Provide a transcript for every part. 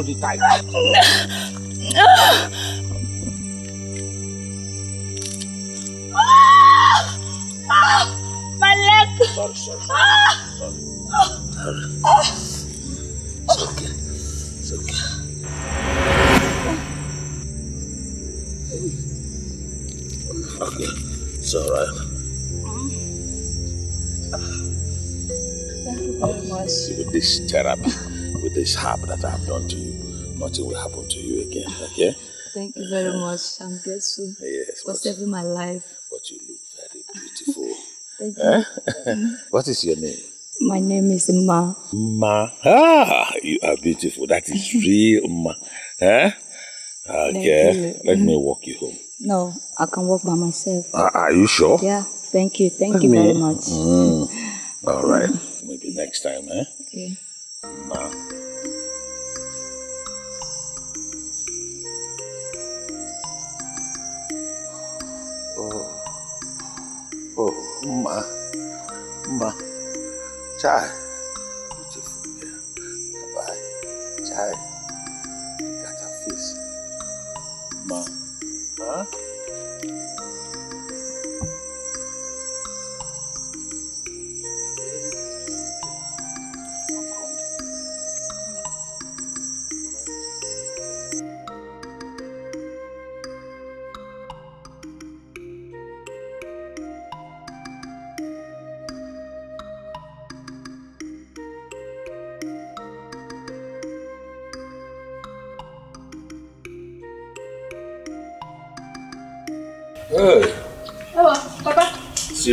all the time. My leg! Sorry, sorry, sorry. sorry. It's okay. It's okay. Okay, it's all right. Thank you very much. With this therapy, with this harm that I've done to you nothing will happen to you again. Okay? Thank you very much. I'm grateful yes, for saving my life. But you look very beautiful. Thank eh? you. Mm-hmm. what is your name? My name is Ma. Ma. Ah, you are beautiful. That is real Ma. Eh? Okay. Let me mm-hmm. walk you home. No, I can walk by myself. Uh, are you sure? Yeah. Thank you. Thank Let you me. very much. Mm. All right. Mm-hmm. Maybe next time, eh? Okay. Ma. Oh, ma, my Beautiful Bye. chai.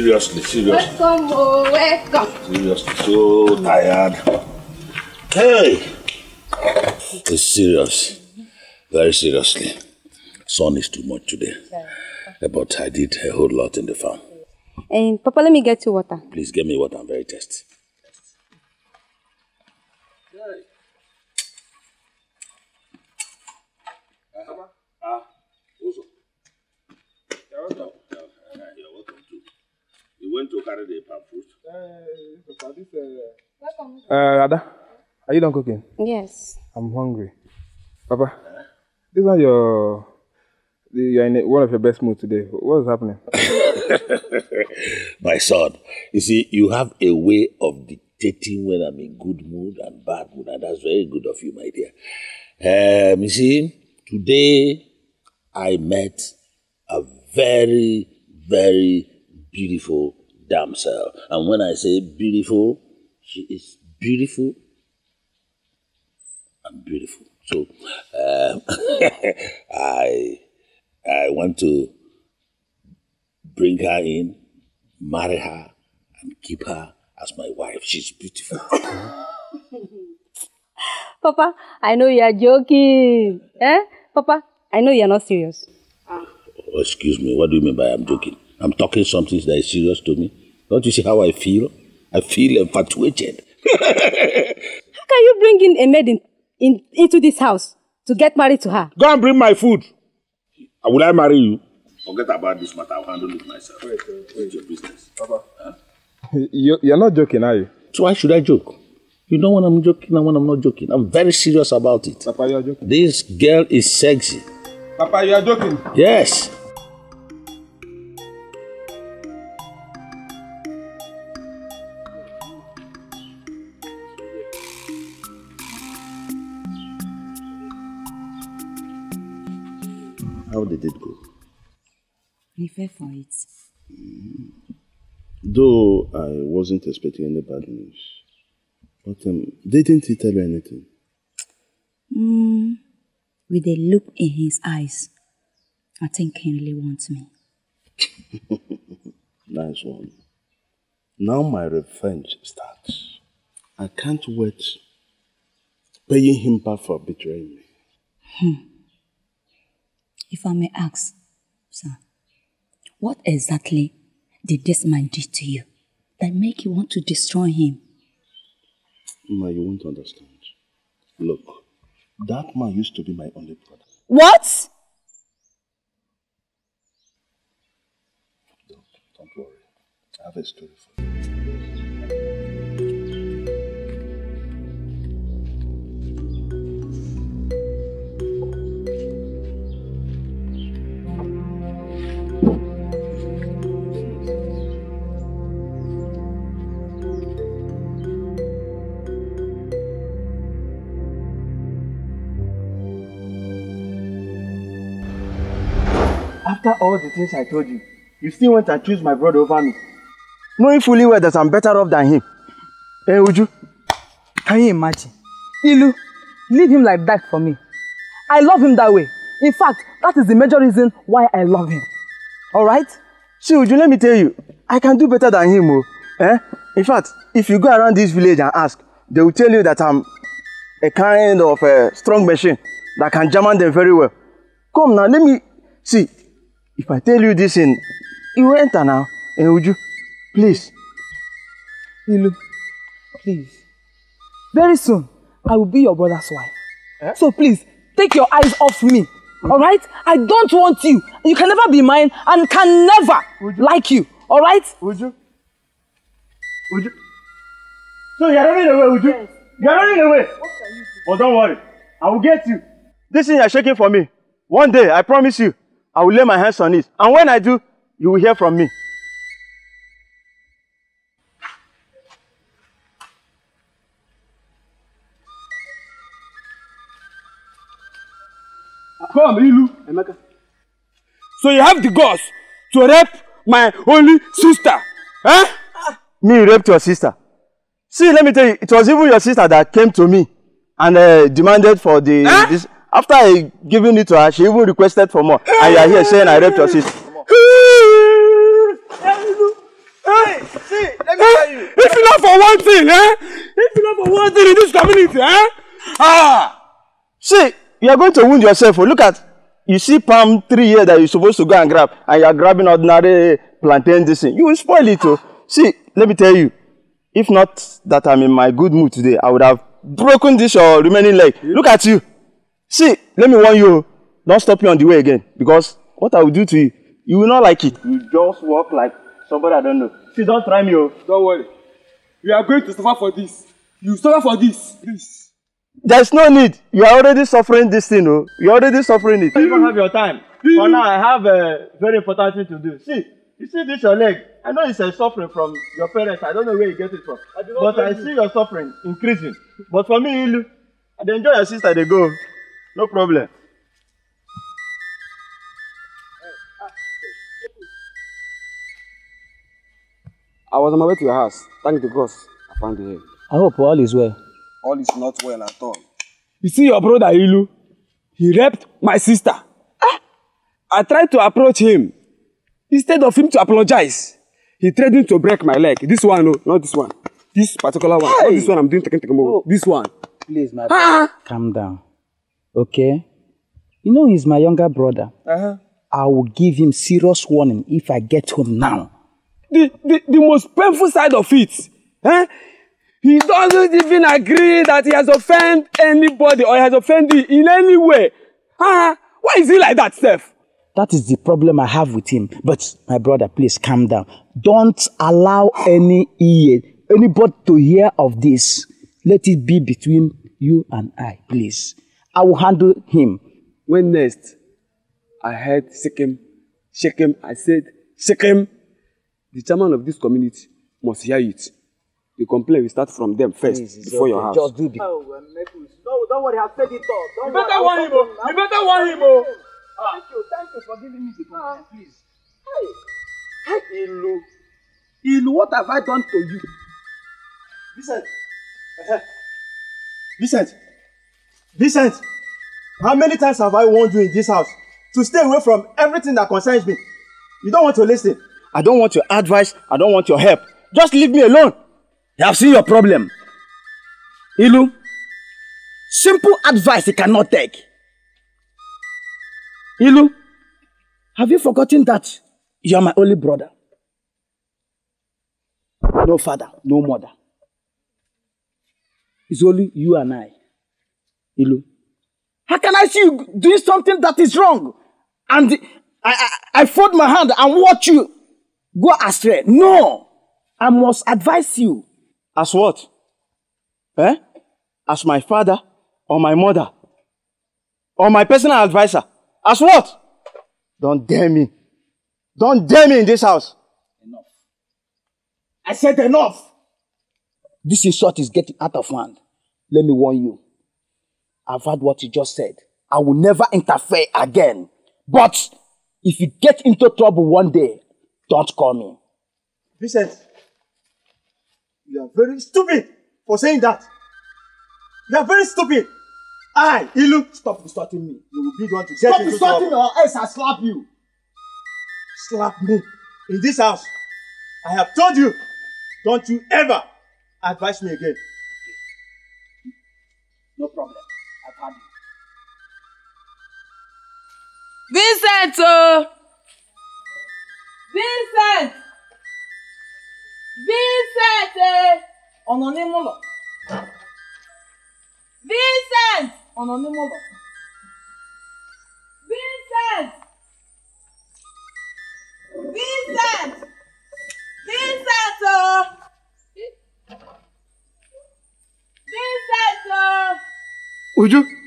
seriously, seriously. Welcome, oh, welcome. Seriously, so tired. Hey! It's serious. Very seriously. Sun is too much today. But I did a whole lot in the farm. And Papa, let me get you water. Please get me water. I'm very tired. Uh, Ada, are you done cooking? Yes. I'm hungry. Papa, these are your. You're in one of your best moods today. What is happening? My son, you see, you have a way of dictating when I'm in good mood and bad mood, and that's very good of you, my dear. Um, you see, today I met a very, very beautiful damsel. And when I say beautiful, she is beautiful and beautiful. So uh, I I want to bring her in, marry her, and keep her as my wife. She's beautiful. Papa, I know you are joking. Eh? Papa, I know you are not serious. Oh, excuse me, what do you mean by I'm joking? I'm talking something that is serious to me. Don't you see how I feel? I feel infatuated. how can you bring in a maiden in, into this house to get married to her? Go and bring my food. Uh, will I marry you? Forget about this matter. I'll handle it myself. Wait, wait, wait. your business. Papa. Huh? You, you're not joking, are you? So why should I joke? You know when I'm joking and when I'm not joking. I'm very serious about it. Papa, you are joking. This girl is sexy. Papa, you are joking. Yes. I wasn't expecting any bad news. But um, didn't he tell you anything? Mm, with a look in his eyes, I think he really wants me. nice one. Now my revenge starts. I can't wait paying him back for betraying me. Hmm. If I may ask, sir, what exactly did this man do to you? that make you want to destroy him? Ma, you won't understand. Look, that man used to be my only brother. What? Don't, don't worry. I have a story for you. After all the things I told you, you still went and choose my brother over me. Knowing fully well that I'm better off than him. Eh, Uju, can you imagine? Ilu, leave him like that for me. I love him that way. In fact, that is the major reason why I love him. Alright? See, Uju, let me tell you, I can do better than him. Oh. Eh? In fact, if you go around this village and ask, they will tell you that I'm a kind of a eh, strong machine that can jam on them very well. Come now, let me see. If I tell you this thing, you enter now. And eh, would you, please, Ilu, please. Very soon, I will be your brother's wife. Eh? So please, take your eyes off me. Hmm? All right? I don't want you. You can never be mine and can never you? like you. All right? Would you? Would you? So you're running away, would you? Yes. You're running away. What can you do? Oh, don't worry. I will get you. This thing you're shaking for me. One day, I promise you. I will lay my hands on it. And when I do, you will hear from me. Come, Ilu. Emeka. So you have the guts to rape my only sister. huh? Eh? Me raped your sister. See, let me tell you, it was even your sister that came to me and uh, demanded for the... Eh? This, After I giving it to her, she even requested for more. And you are here saying I raped your sister. Hey, see, let me tell you. If you not for one thing, eh? If you not for one thing in this community, eh? Ah! See, you are going to wound yourself. Look at, you see palm tree here that you're supposed to go and grab, and you are grabbing ordinary plantain this thing. You will spoil it. Oh. See, let me tell you, if not that I'm in my good mood today, I would have broken this or remaining leg. Look at you. See, let me warn you, don't stop me on the way again because what I will do to you, you will not like it. You just walk like somebody I don't know. See, don't try me, oh. Don't worry. You are going to suffer for this. You suffer for this. Please. is no need. You are already suffering this thing, oh. You are already suffering it. I don't have your time. For mm-hmm. now, I have a very important thing to do. See, you see this your leg. I know it's a suffering from your parents. I don't know where you get it from. I but I see your suffering increasing. But for me, Ilu, I enjoy your sister. They go no problem. I was on my way to your house. Thank the gods I found you here. I hope all is well. All is not well at all. You see your brother Ilu? He raped my sister. Ah! I tried to approach him. Instead of him to apologize, he threatened to break my leg. This one, no, not this one. This particular one. Hey. Not this one I'm doing. taking This one. Please, my ah! calm down. okay? You know, he's my younger brother. Uh-huh. I will give him serious warning if I get home now. The, the, the most painful side of it, eh? He doesn't even agree that he has offended anybody or he has offended in any way. Huh? Why is he like that, Steph? That is the problem I have with him. But my brother, please calm down. Don't allow any anybody to hear of this. Let it be between you and I, please. I will handle him. When next I heard Shechem, Shechem, I said, Shechem, the chairman of this community must hear it. The complaint will start from them first Please, before okay. your house. Just do the. Oh, no, don't worry, I've said it all. Don't you worry, better warn him, oh. You better warn him, oh. Ah. Thank you, thank you for giving me the ah. complaint, please. Hey, hey, Ilu. Ilu, what have I done to you? Listen. Listen. Uh-huh. Vincent, how many times have I warned you in this house to stay away from everything that concerns me? You don't want to listen. I don't want your advice. I don't want your help. Just leave me alone. I have seen your problem. Ilu, simple advice you cannot take. Ilu, have you forgotten that you are my only brother? No father, no mother. It's only you and I. Ilu. How can I see you doing something that is wrong? And I, I, I fold my hand and watch you go astray. No! I must advise you. As what? Eh? As my father or my mother or my personal advisor. As what? Don't dare me. Don't dare me in this house. Enough. I said enough. This insult is getting out of hand. Let me warn you. I've heard what you just said. I will never interfere again. But if you get into trouble one day, don't call me. Vincent, you are very stupid for saying that. You are very stupid. I, Ilu, stop insulting me. You will be the one to get Stop insulting me or else i slap you. Slap me in this house. I have told you, don't you ever advise me again. No problem. Vincent! Vincent! Vincent! On en est mon Vincent! On en est mon Vincent! Vincent! Vincent! Vincent! Ucu.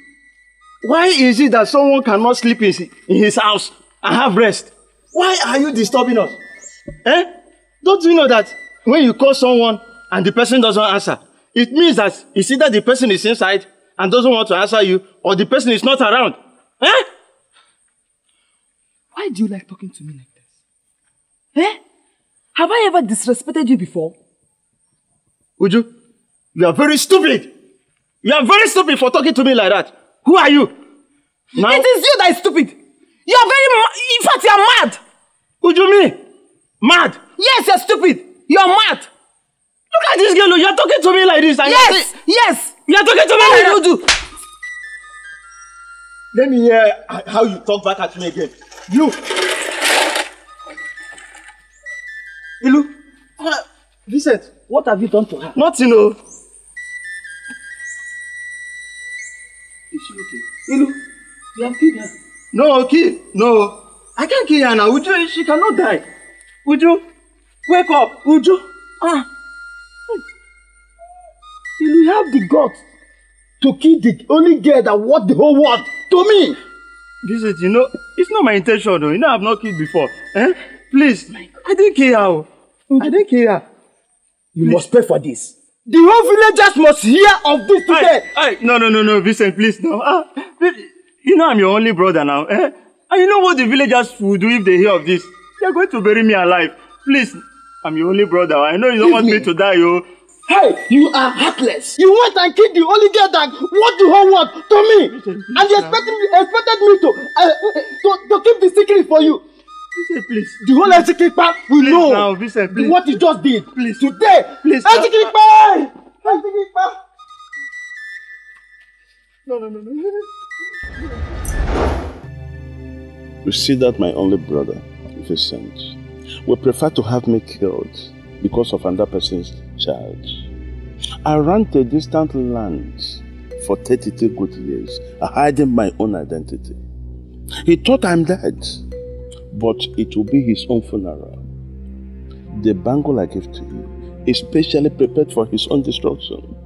Why is it that someone cannot sleep in his house and have rest? Why are you disturbing us? Eh? Don't you know that when you call someone and the person doesn't answer, it means that it's either the person is inside and doesn't want to answer you or the person is not around. Eh? Why do you like talking to me like this? Eh? Have I ever disrespected you before? Would you? you are very stupid. You are very stupid for talking to me like that. Who are you? Now? It is you that is stupid. You are very mad. In fact, you are mad. What do you mean? Mad? Yes, you're stupid. You're mad. Look at this girl. Oh, you're talking to me like this. And yes, you're yes. You're talking to me what like that. will you do? Let me hear how you talk back at me again. You. Ilu. Uh, Vincent, what have you done to her? Nothing, you oh. no. Know. she okay? you have killed her. No, kill. No. I can't kill her now. Uju, she cannot die. Uju, wake up. Uju. Ah. Ilu, you have the guts to kill the only girl that worth the whole world to me. This is, you know, it's not my intention though. You know, I've not killed before. Eh? Please. I didn't kill her. Oh. I didn't kill her. You Please. must pay for this. The whole villagers must hear of this today. I, I, no, no, no, no, Vincent, please, no. Ah, you know I'm your only brother now. Eh? And you know what the villagers will do if they hear of this? They're going to bury me alive. Please, I'm your only brother. I know you don't Give want me. me to die, yo. Oh. Hey, you are heartless. You went and killed the only girl that what the whole world to me. And you expected, expected me to, uh, uh, to, to keep the secret for you. Vincent, please. The whole Etikikpa will please know now, Vincent, please. what he just did. Please. Today, please. Ezekiel Etikikpa! No, no, no, no. You see that my only brother, Vincent, would prefer to have me killed because of another person's child. I ran to a distant land for 32 good years, hiding my own identity. He thought I'm dead but it will be his own funeral. The bangle I gave to you is specially prepared for his own destruction.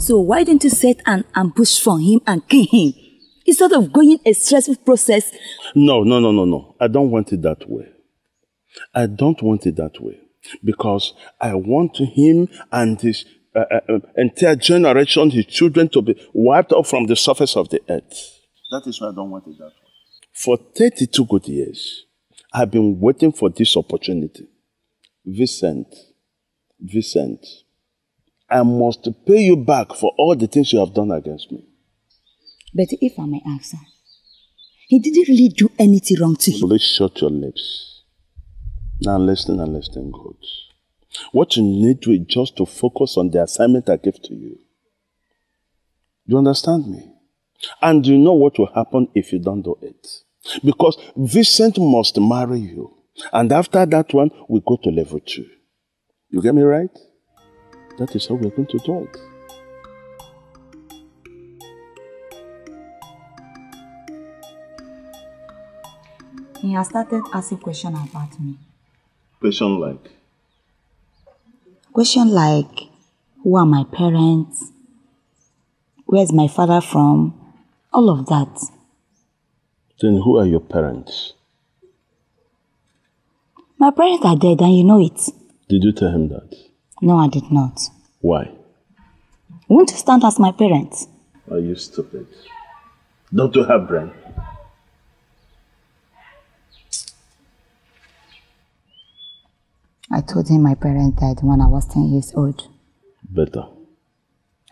So why didn't you set an ambush for him and kill him instead of going a stressful process? No, no, no, no, no. I don't want it that way. I don't want it that way because I want him and his uh, uh, um, entire generation, his children, to be wiped off from the surface of the earth. That is why I don't want it that way. For 32 good years, I've been waiting for this opportunity. Vincent, Vincent, I must pay you back for all the things you have done against me. But if I may ask, sir, he didn't really do anything wrong to you. Please shut your lips. Now listen and listen good. What you need to is just to focus on the assignment I gave to you. Do you understand me? And you know what will happen if you don't do it. Because Vincent must marry you. And after that one, we go to level two. You get me right? That is how we're going to do it. He has started asking questions about me. Question like? Question like, who are my parents? Where's my father from? All of that. Then who are your parents? My parents are dead and you know it. Did you tell him that? No, I did not. Why? Won't you stand as my parents? Are you stupid? Don't you have brain? I told him my parents died when I was 10 years old. Better.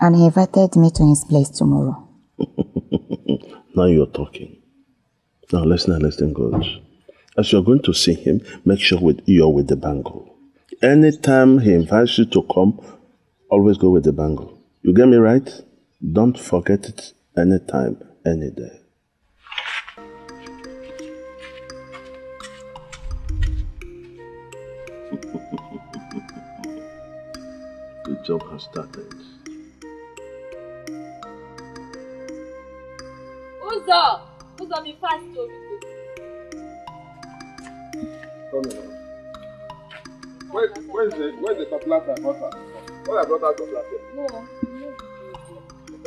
And he invited me to his place tomorrow. now you're talking. Now listen and listen good. As you're going to see him, make sure with you're with the bangle. Anytime he invites you to come, always go with the bangle. You get me right? Don't forget it anytime, any day. the job has started. Who's up? Come on. fast on. Where, where is the where is the capital and butter? Where I brought out capital? No.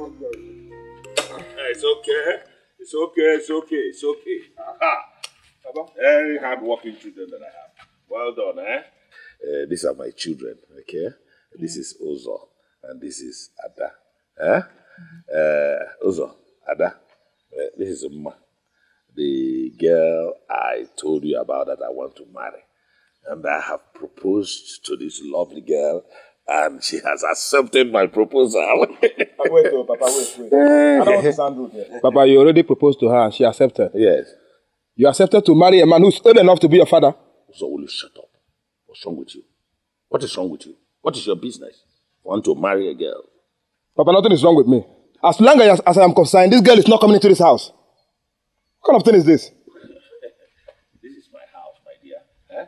Eh, it's okay. It's okay. It's okay. It's okay. Aha. Very hard working children that I have. Well done, eh? Uh, these are my children, okay? Mm. This is Ozo, and this is Ada. Eh? Mm -hmm. uh, Ozo, Ada, uh, this is Uma the girl I told you about that I want to marry. And I have proposed to this lovely girl, and she has accepted my proposal. wait, oh, Papa, wait, wait. I don't want to sound rude here. Papa, you already proposed to her, and she accepted. Yes. You accepted to marry a man who's old enough to be your father. So will you shut up? What's wrong with you? What is wrong with you? What is your business? Want to marry a girl? Papa, nothing is wrong with me. As long as, as I am concerned, this girl is not coming into this house. What kind of thing is this? this is my house, my dear. Eh?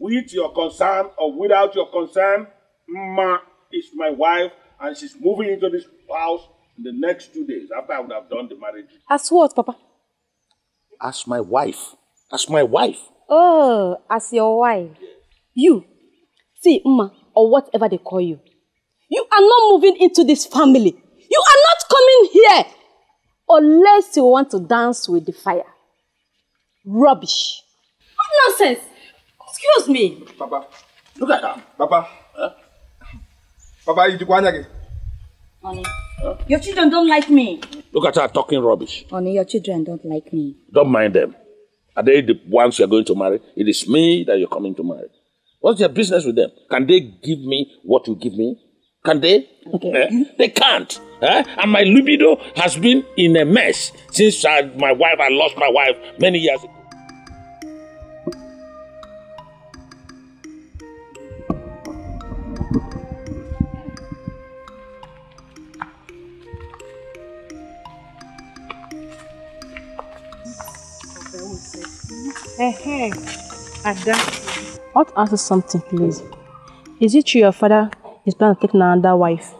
With your concern or without your concern, Ma is my wife and she's moving into this house in the next two days after I would have done the marriage. As what, Papa? As my wife. As my wife. Oh, as your wife. Yes. You, see, Ma, or whatever they call you, you are not moving into this family. You are not coming here unless you want to dance with the fire. Rubbish. What oh, nonsense? Excuse me. Papa, look at her. Papa, Huh? Eh? Papa, you do again. Honey, huh? your children don't like me. Look at her talking rubbish. Honey, your children don't like me. Don't mind them. Are they the ones you're going to marry? It is me that you're coming to marry. What's your business with them? Can they give me what you give me? Can they? Okay. Eh? they can't. Huh? Eh? And my libido has been in a mess since I, uh, my wife, I lost my wife many years ago. Hey, hey, Ada. I want to ask you something, please. Is it true your father he's planning to take another wife.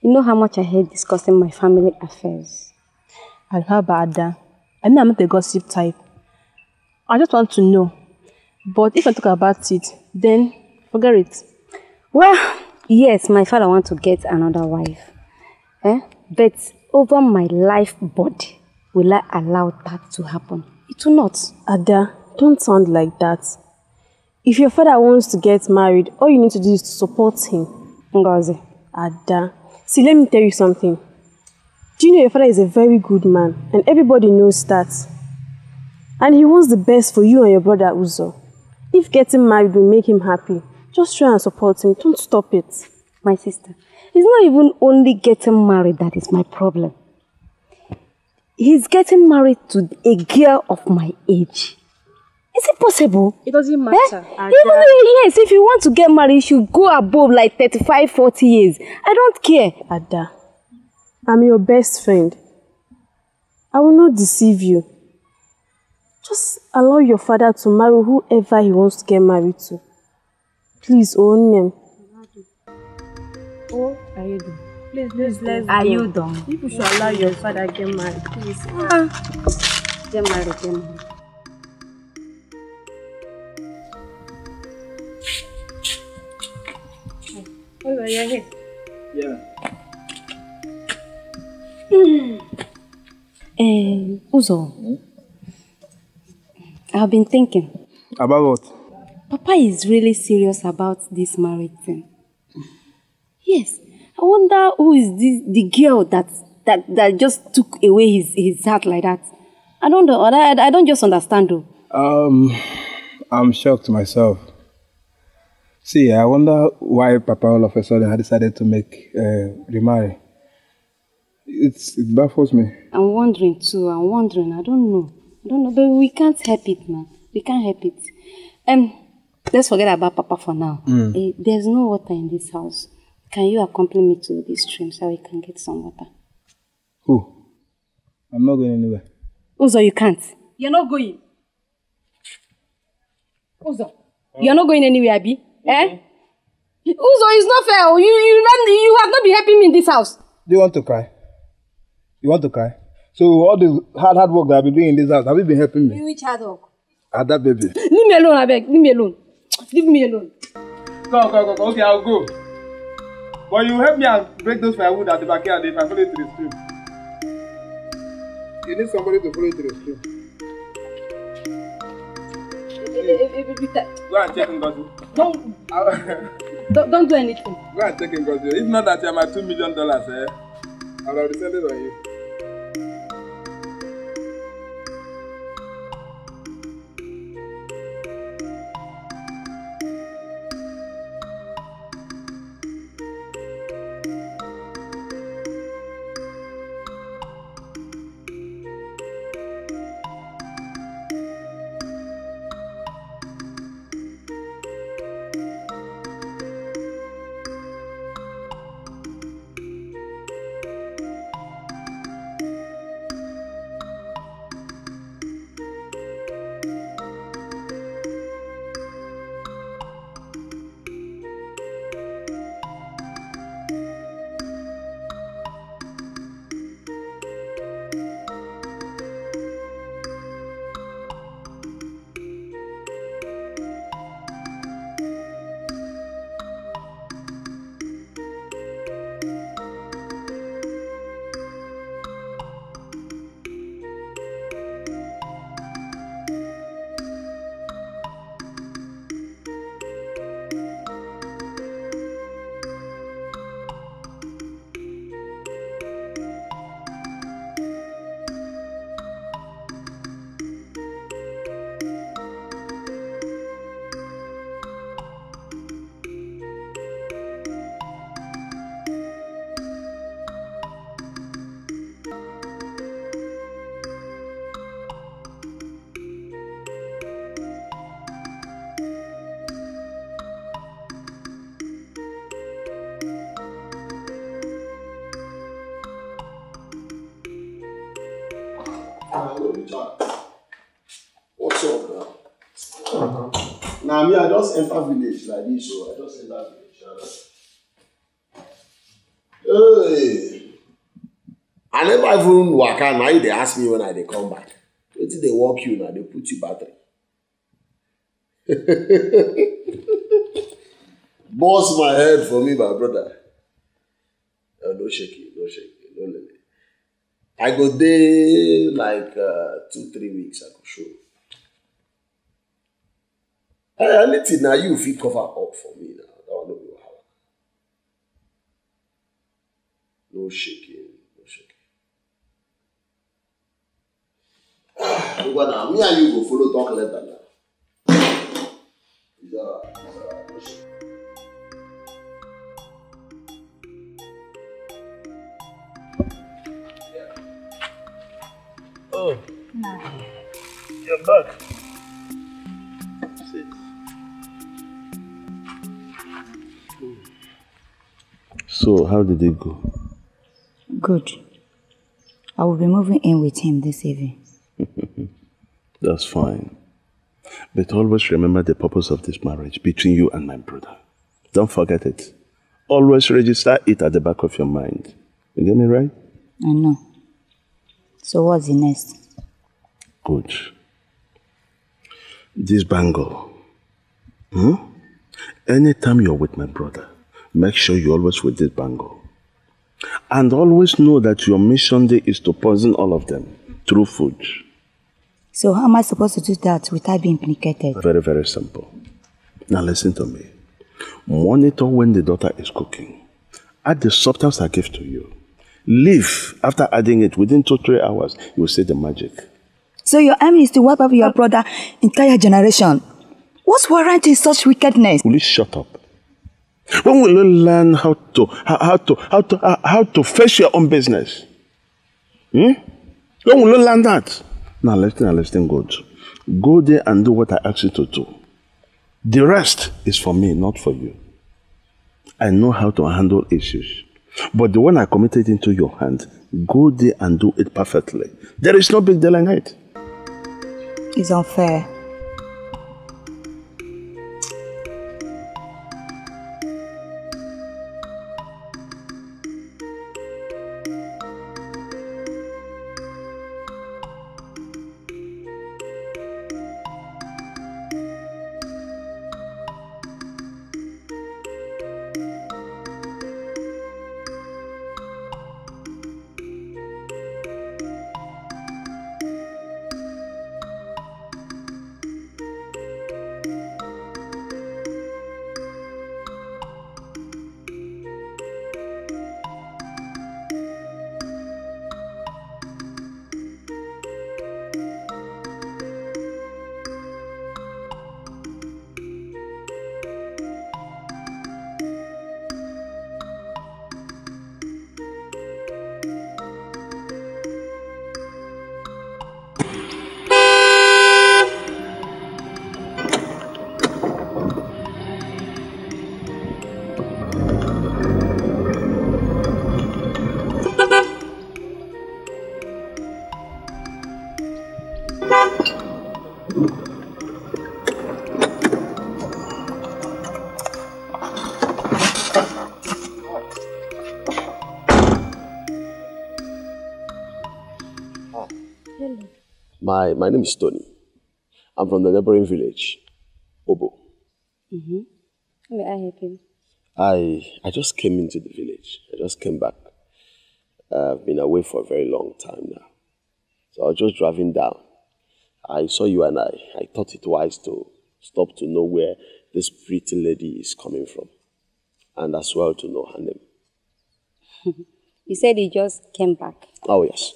You know how much I hate discussing my family affairs. And how about that? I mean, I'm not a gossip type. I just want to know. But if I talk about it, then forget it. Well, yes, my father wants to get another wife. Eh? But over my life body, will I allow that to happen? It will not. Ada, don't sound like that. If your father wants to get married, all you need to do is to support him. Ngozi. Ada. See, let me tell you something. Do you know your father is a very good man, and everybody knows that. And he wants the best for you and your brother Uzo. If getting married will make him happy, just try and support him. Don't stop it. My sister, it's not even only getting married that is my problem. He's getting married to a girl of my age. Is it possible? It doesn't eh? matter. Eh? Even though, yes, if you want to get married, you should go above like thirty-five, forty years. I don't care. Ada, I'm your best friend. I will not deceive you. Just allow your father to marry whoever he wants to get married to. Please, own them. Oh, are you done? Please, please, let's Are you done? People should allow your father to get married. Please. Ah. Get married, get married. Yeah. Yeah. Um, Uzo. I've been thinking. About what? Papa is really serious about this marriage thing. Yes. I wonder who is this, the girl that, that, that just took away his, his heart like that. I don't know. I, I don't just understand though. Um, I'm shocked myself. See, I wonder why Papa all of a sudden had decided to make uh, remarry. It's, it baffles me. I'm wondering too. I'm wondering. I don't know. I don't know. But we can't help it, man. We can't help it. Um, let's forget about Papa for now. Mm. Uh, there's no water in this house. Can you accompany me to the stream so we can get some water? Who? I'm not going anywhere. Uzo, you can't. You're not going. Uzo, oh. you're not going anywhere, Abby. Eh? Mhm. Uzo, it's not fair. You, you, you have not been helping me in this house. Do you want to cry? You want to cry? So all the hard, hard work that I've been doing in this house, have you been helping me? Which hard work? At ah, that baby. Leave me alone, abeg. Leave me alone. Leave me alone. Go, go, go, go. Okay, I'll go. But you help me and break those firewood at the backyard if I follow you to the stream. You need somebody to follow you to the stream. Go and check Ngozi. Don't, don't, don't do anything. Go and check in, Godzilla. If not that you're my two million dollars, eh? I'll resend it on you. just enter village like this o I just enter village. Hey. I never even waka na you dey ask me when I dey come back. Wetin dey work you na dey put you battery. Burst my head for me my brother. No, no shake it, no shake it, no lele. I go dey like. Uh, anything na you fit cover up for me now. that one no be wahala no shaking no shaking ah ngwana me and you go follow talk later. How did it go? Good. I will be moving in with him this evening. That's fine. But always remember the purpose of this marriage between you and my brother. Don't forget it. Always register it at the back of your mind. You get me right? I know. So what's the next? Good. This bangle. Hmm? Anytime you're with my brother, make sure you always with this bangle. And always know that your mission day is to poison all of them through food. So, how am I supposed to do that without being implicated? Very, very simple. Now, listen to me. Monitor when the daughter is cooking. Add the substance I give to you. Leave after adding it within two, three hours. You will see the magic. So, your aim is to wipe out your brother entire generation. What's warranting such wickedness? Will you shut up? When will you learn how to how, to how to how to face your own business? Hmm? When will you learn that? Now listen now listen good. Go there and do what I ask you to do. The rest is for me, not for you. I know how to handle issues. But the one I committed into your hand, go there and do it perfectly. There is no big deal in it. It's unfair. My, my name is Tony. I'm from the neighboring village, Obo. Mm-hmm. May I help you? I, I just came into the village. I just came back. Uh, I've been away for a very long time now. So I was just driving down. I saw you and I, I thought it wise to stop to know where this pretty lady is coming from and as well to know her name. you said you just came back. Oh, yes.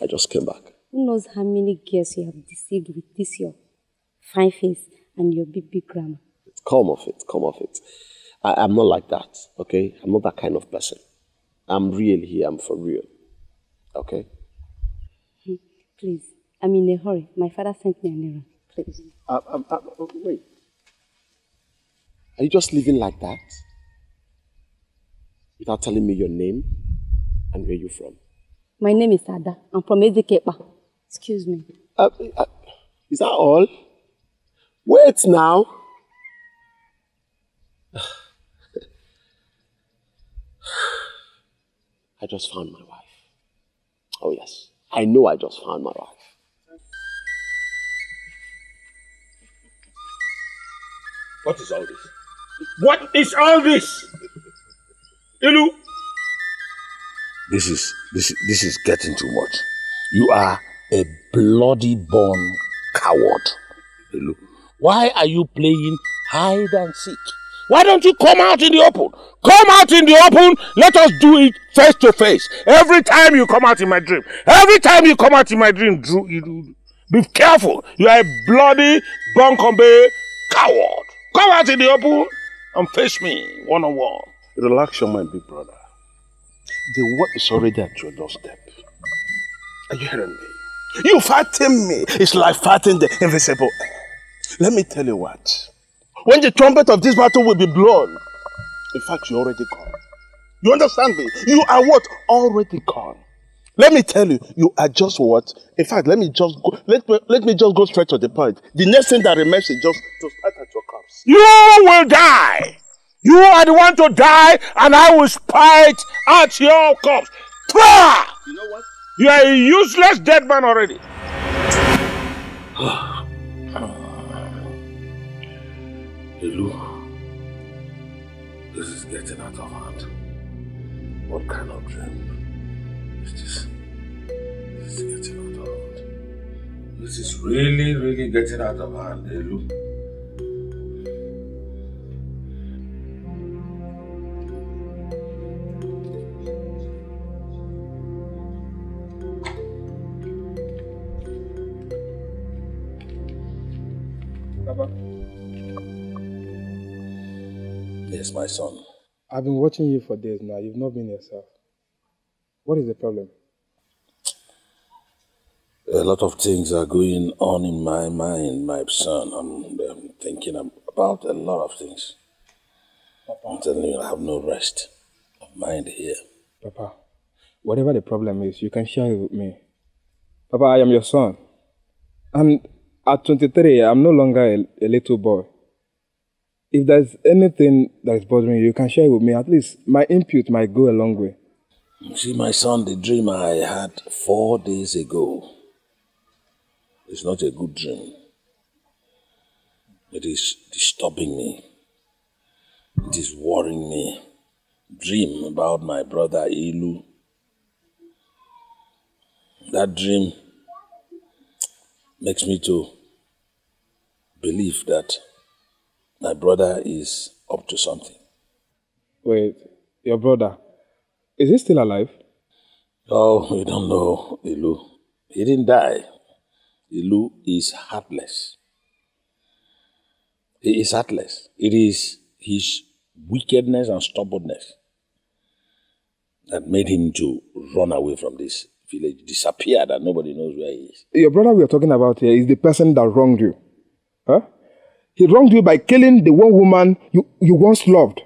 I just came back. Who knows how many girls you have deceived with this your fine face and your big, big grammar? Come off it, come off it. I, am not like that, okay? I'm not that kind of person. I'm real here, I'm for real, okay? Hmm. Please, I'm in a hurry. My father sent me an error. please. Uh, uh, uh, wait. Are you just living like that? Without telling me your name and where you're from? My name is Ada. I'm from Ezikeba. Excuse me. Uh, uh, is that all? Wait now. I just found my wife. Oh, yes. I know I just found my wife. What is all this? What is all this? Ilu? This is this this is getting too much. You are a bloody born coward. Why are you playing hide and seek? Why don't you come out in the open? Come out in the open. Let us do it face to face. Every time you come out in my dream, every time you come out in my dream, Drew, you, be careful. You are a bloody bunkumbe coward. Come out in the open and face me one on one. Relax your mind, big brother. The work is already at your doorstep. Are you hearing me? You fatten me. It's like fighting the invisible. Let me tell you what. When the trumpet of this battle will be blown, in fact, you're already gone. You understand me? You are what? Already gone. Let me tell you, you are just what? In fact, let me just go, let me, let me just go straight to the point. The next thing that remains is just to start at your cups. You will die. You are the one to die, and I will spite at your cups. You know what? You are a useless dead man already. Elu, This is getting out of hand. What kind of dream is this? This is getting out of hand. This is really, really getting out of hand, Hello. son. I've been watching you for days now. You've not been yourself. What is the problem? A lot of things are going on in my mind, my son. I'm, I'm thinking about a lot of things. Papa. I'm telling you, I have no rest of mind here. Papa, whatever the problem is, you can share it with me. Papa, I am your son. And at 23, I'm no longer a, a little boy if there's anything that is bothering you, you can share it with me. At least my input might go a long way. You see, my son, the dream I had four days ago is not a good dream. It is disturbing me. It is worrying me. Dream about my brother Ilu. That dream makes me to believe that my brother is up to something. Wait, your brother, is he still alive? Oh, we don't know, Ilu. He didn't die. Ilu is heartless. He is heartless. It is his wickedness and stubbornness that made him to run away from this village, disappear, that nobody knows where he is. Your brother we are talking about here is the person that wronged you. Huh? He wronged you by killing the one woman you, you once loved.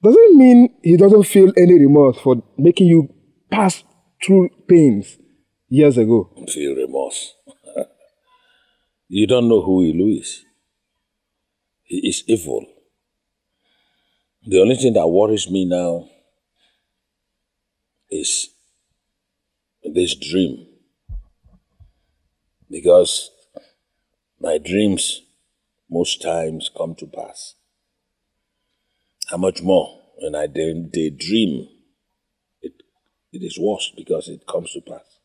Doesn't mean he doesn't feel any remorse for making you pass through pains years ago. Feel remorse. you don't know who Ilu is. He is evil. The only thing that worries me now is this dream. Because my dreams most times come to pass. How much more when I daydream, it, it is worse because it comes to pass.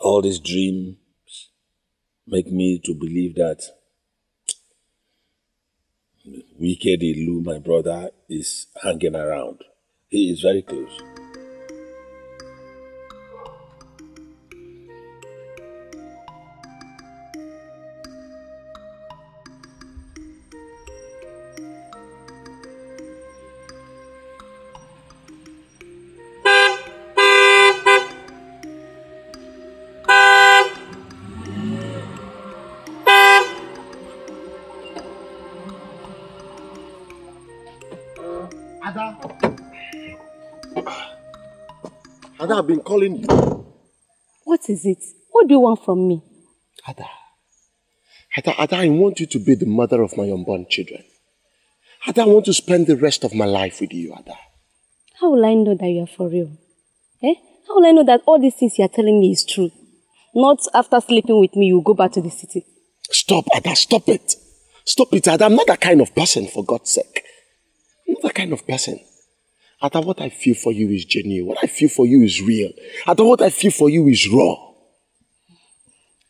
All these dreams make me to believe that wicked Ilu, my brother, is hanging around. He is very close. calling you. What is it? What do you want from me? Ada. Ada, Ada, I want you to be the mother of my unborn children. Ada, I want to spend the rest of my life with you, Ada. How will I know that you are for real? Eh? How will I know that all these things you are telling me is true? Not after sleeping with me, you go back to the city. Stop, Ada, stop it. Stop it, Ada. I'm not that kind of person, for God's sake. I'm not that kind of person. Ada, what I feel for you is genuine. What I feel for you is real. Ada, what I feel for you is raw.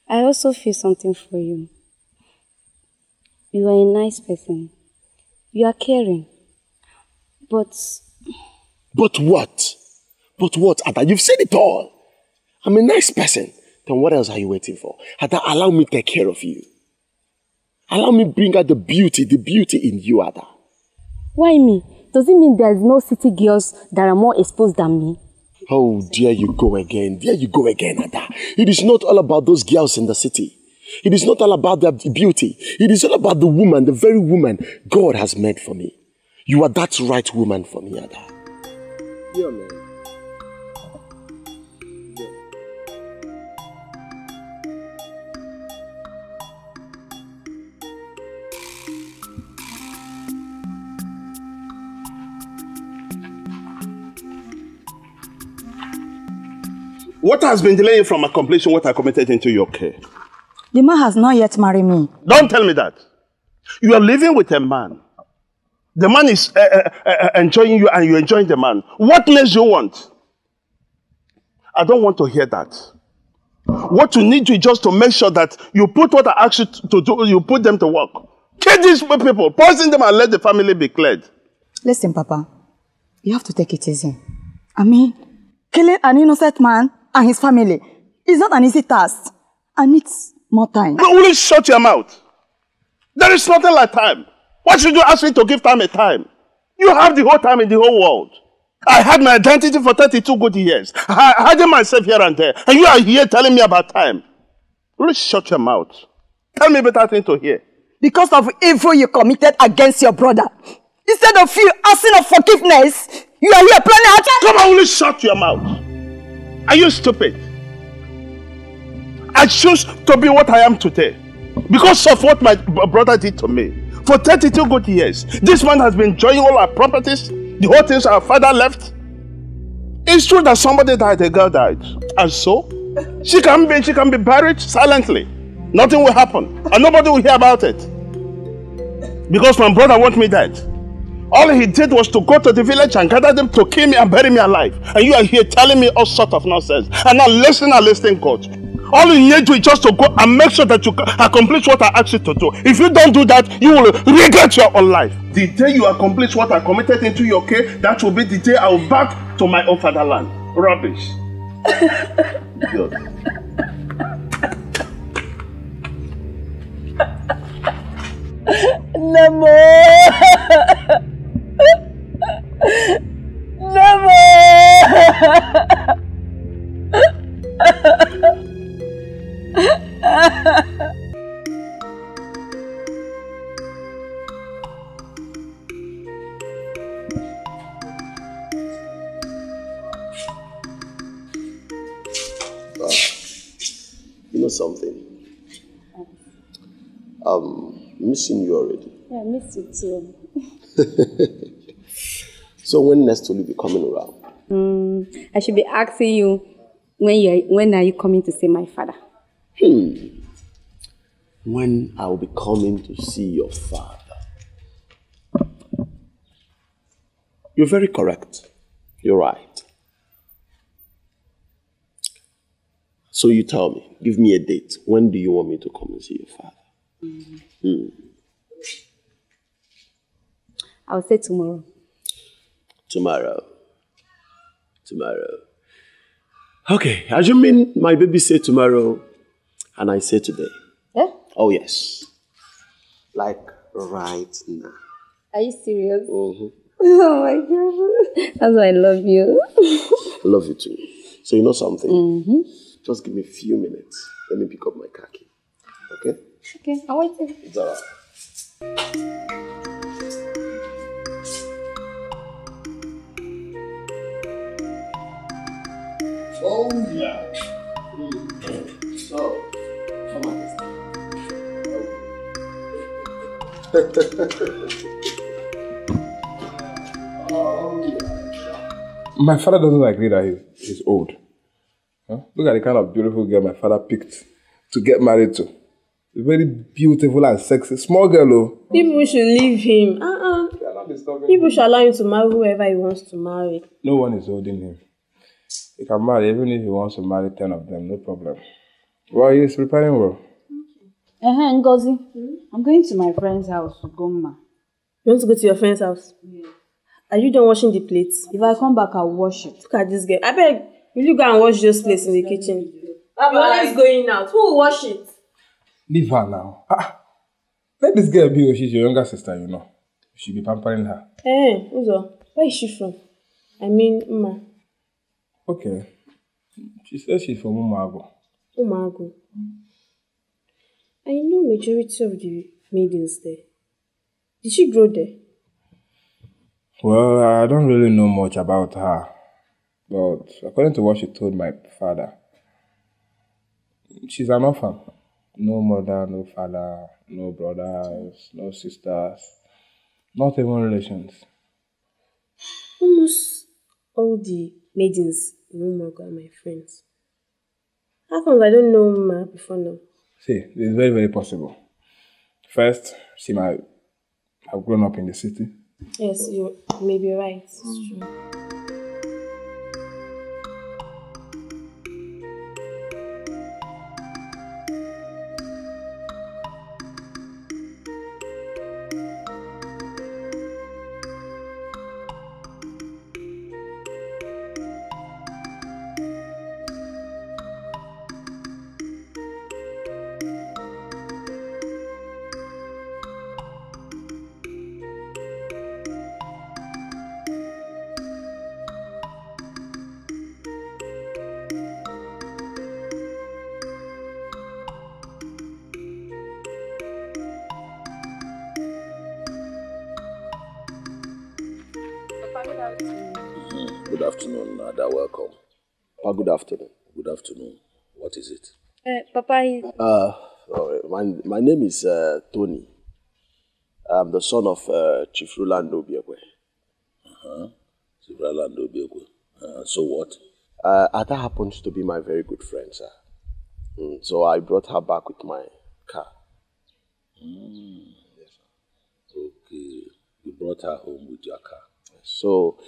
I also feel something for you. You are a nice person. You are caring. But. But what? But what, Ada? You've said it all. I'm a nice person. Then what else are you waiting for? Ada, allow me to take care of you. Allow me bring out the beauty, the beauty in you, Ada. Why me? Does it mean there's no city girls that are more exposed than me? Oh, there you go again. There you go again, Ada. It is not all about those girls in the city. It is not all about their beauty. It is all about the woman, the very woman God has made for me. You are that right woman for me, Ada. Yeah, man. What has been delaying from accomplishing what I committed into your care? The man has not yet married me. Don't tell me that. You are living with a man. The man is uh, uh, uh, enjoying you and you're enjoying the man. What less you want? I don't want to hear that. What you need to just to make sure that you put what I asked you to do, you put them to work. Kill these people, poison them and let the family be cleared. Listen, Papa, you have to take it easy. I mean, killing an innocent man and his family. It's not an easy task. I need more time. No, will you shut your mouth? There is nothing like time. Why should you ask me to give time a time? You have the whole time in the whole world. I had my identity for 32 good years. I hiding myself here and there. And you are here telling me about time. Will you shut your mouth? Tell me better thing to hear. Because of evil you committed against your brother. Instead of you asking of forgiveness, you are here planning attack. Come on, will you shut your mouth? Are you stupid? I choose to be what I am today because of what my brother did to me. For 32 good years, this man has been enjoying all our properties, the whole things our father left. It's true that somebody died, a girl died. And so, she can be, she can be buried silently. Nothing will happen, and nobody will hear about it. Because my brother wants me dead. All he did was to go to the village and gather them to kill me and bury me alive. And you are here telling me all sort of nonsense. And now listen and listen, God. All you need to do is just to go and make sure that you accomplish what I asked you to do. If you don't do that, you will regret your own life. The day you accomplish what I committed into your care, that will be the day I will back to my own fatherland. Rubbish. Good. Namo! you know something. I'm missing you already. Yeah, I miss you too. So when next will you be coming around? Mm, I should be asking you when you are, when are you coming to see my father? Hmm. When I will be coming to see your father? You're very correct. You're right. So you tell me, give me a date. When do you want me to come and see your father? Mm. Hmm. I'll say tomorrow tomorrow. Tomorrow. Okay, mean my baby say tomorrow and I say today. Yeah? Oh, yes. Like right now. Are you serious? Mm-hmm. Oh my God. That's why I love you. I love you too. So, you know something? Mm-hmm. Just give me a few minutes. Let me pick up my khaki. Okay? Okay, I'm waiting. It's all right. Oh yeah. So, come on. Oh, my father doesn't agree that he's, he's old. Huh? Look at the kind of beautiful girl my father picked to get married to. Very beautiful and sexy. Small girl, though. People should leave him. Uh-uh. People should allow him to marry whoever he wants to marry. No one is holding him. You can marry, even if you want to marry 10 of them, no problem. Well, you preparing well. Okay. Uh-huh, Ngozi. Hmm? I'm going to my friend's house to Goma. You want to go to your friend's house? Yeah. Are you done washing the plates? If I come back, I'll wash it. Look at this girl. I beg, will you go and wash those plates in the kitchen? Baba, what is going out? Who will wash it? Leave her now. Ah, ah. let this girl be. She's your younger sister, you know. You should be pampering her. Eh, hey, Uzo, where is she from? I mean, Uma. Okay. She says she's from Umago. Umago. I know majority of the maidens there. Did she grow there? Well, I don't really know much about her. But according to what she told my father, she's an orphan. No mother, no father, no brothers, no sisters, not even relations. Almost all the maidens in Umago are my friends. How come I don't know Ma before now? See, it's very, very possible. First, she might have grown up in the city. Yes, you may be right. It's true. welcome. Papa, good afternoon. Good afternoon. What is it? Uh, Papa is... Uh, ah, my, my name is uh, Tony. I'm the son of uh, Chief Roland Obiekwe. Uh-huh. Chief Roland Obiekwe. Uh, so what? Uh, Ada happens to be my very good friend, sir. Mm, so I brought her back with my car. Mm. Yes, sir. Okay. You brought her home with your car. So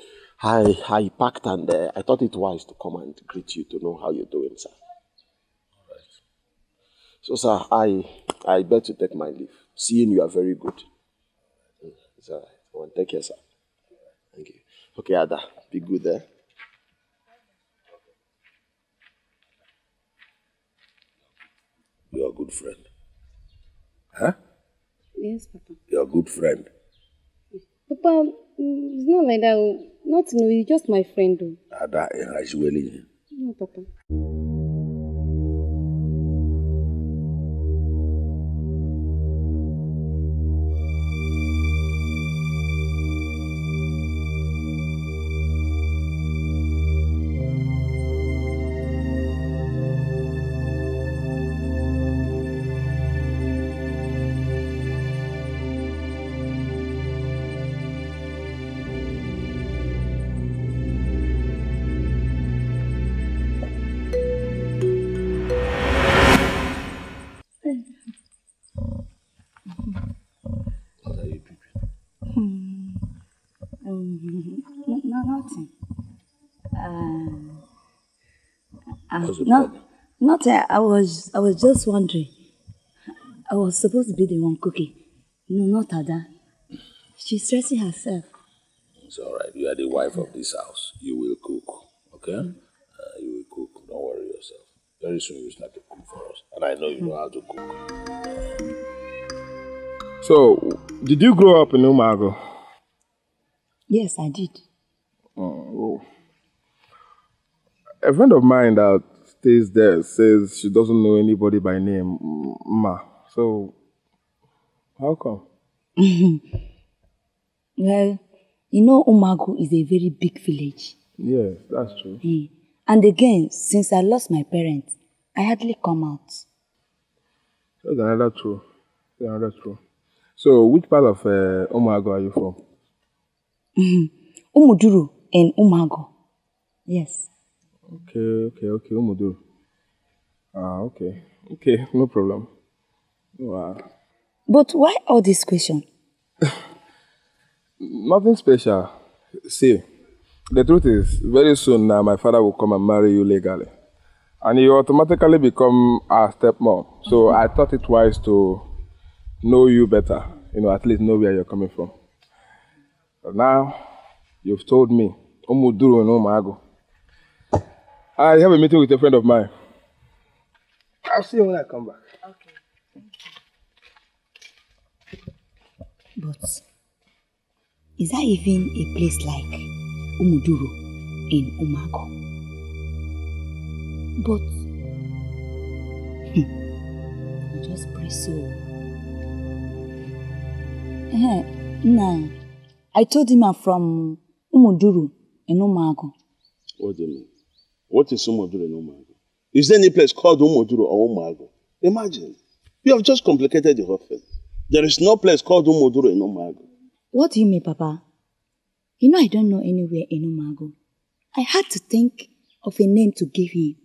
I, I packed and uh, I thought it wise to come and greet you to know how you're doing, sir. All right. So, sir, I, I bet to take my leave. Seeing you are very good. it's all right. Go take care, sir. Thank you. Okay, Ada, be good there. Eh? You're a good friend. Huh? Yes, Papa. You're a good friend. Papa, it's not like that. Oh. Not you just my friend. Oh. Ada, eh, No, Papa. no, Not uh, I was I was just wondering. I was supposed to be the one cooking. No, not Ada. She's stressing herself. It's all right. You are the wife of this house. You will cook, okay? Mm. Uh, you will cook. Don't worry yourself. Very soon you start to cook for us, and I know you mm. know how to cook. So, did you grow up in Umago? Yes, I did. Oh. oh. A friend of mine that stays there says she doesn't know anybody by name, Ma. So, how come? well, you know, Umago is a very big village. Yes, that's true. Mm. And again, since I lost my parents, I hardly come out. That's another true. That's another true. So, which part of uh, eh, Umago are you from? Umuduru and Umago. Yes. Okay, okay, okay, Umuduru. Ah, okay. Okay, no problem. Wow. But why all this question? Nothing special. See, the truth is, very soon now my father will come and marry you legally. And you automatically become our stepmom. So mm -hmm. I thought it wise to know you better, you know, at least know where you're coming from. But now, you've told me, Umuduru and Umago. I have a meeting with a friend of mine. I'll see you when I come back. Okay. But is that even a place like Umuduro in Umago? But hmm, I just pray so. Eh, no, I told him I'm from Umuduru in Umago. What do you mean? What is umoduro and umago? Is there any place called umoduro or umago? Imagine. You have just complicated the whole thing. There is no place called umoduro and umago. What do you mean, Papa? You know I don't know anywhere in Umago. I had to think of a name to give him.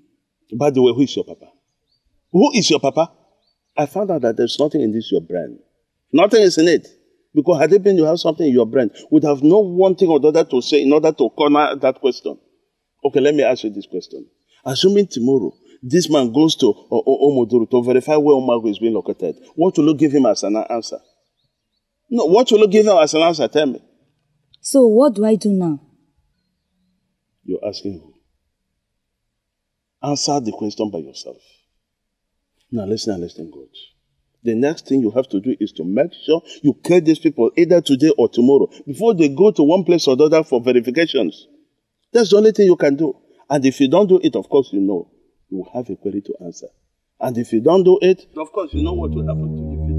By the way, who is your papa? Who is your papa? I found out that there's nothing in this your brain. Nothing is in it. Because had it been you have something in your brain, would have no one thing or the other to say in order to corner that question. Okay, let me ask you this question. Assuming tomorrow this man goes to Omoduru to verify where Omago is being located, what will you give him as an answer? No, what will you give him as an answer? Tell me. So, what do I do now? You're asking who? Answer the question by yourself. Now, listen and listen good. The next thing you have to do is to make sure you kill these people either today or tomorrow before they go to one place or another for verifications. That's the only thing you can do. And if you don't do it, of course, you know you will have a query to answer. And if you don't do it, of course, you know what will happen to you.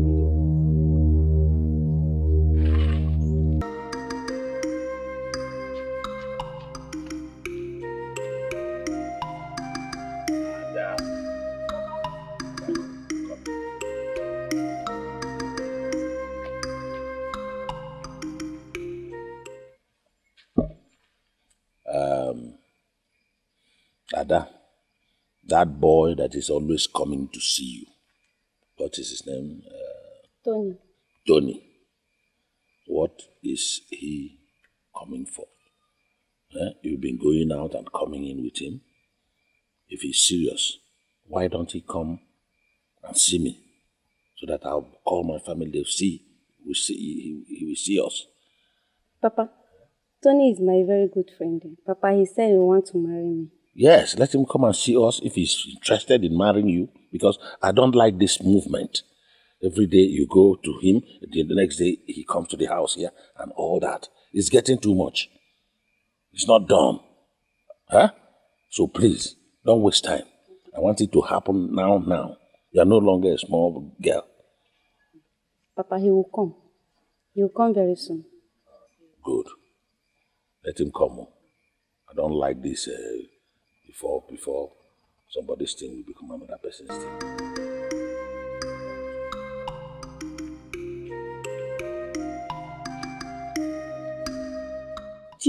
Ada, that boy that is always coming to see you, what is his name? Uh, Tony. Tony. What is he coming for? Eh? You've been going out and coming in with him. If he's serious, why don't he come and see me so that I'll call my family? They'll see. We'll see he, he will see us. Papa, Tony is my very good friend. Papa, he said he wants to marry me. Yes, let him come and see us if he's interested in marrying you, because I don't like this movement. Every day you go to him, the next day he comes to the house here, and all that. It's getting too much. It's not done. Huh? So please, don't waste time. I want it to happen now, now. You are no longer a small girl. Papa, he will come. He will come very soon. Good. Let him come. I don't like this. Uh, before before somebody's thing will become another person's thing.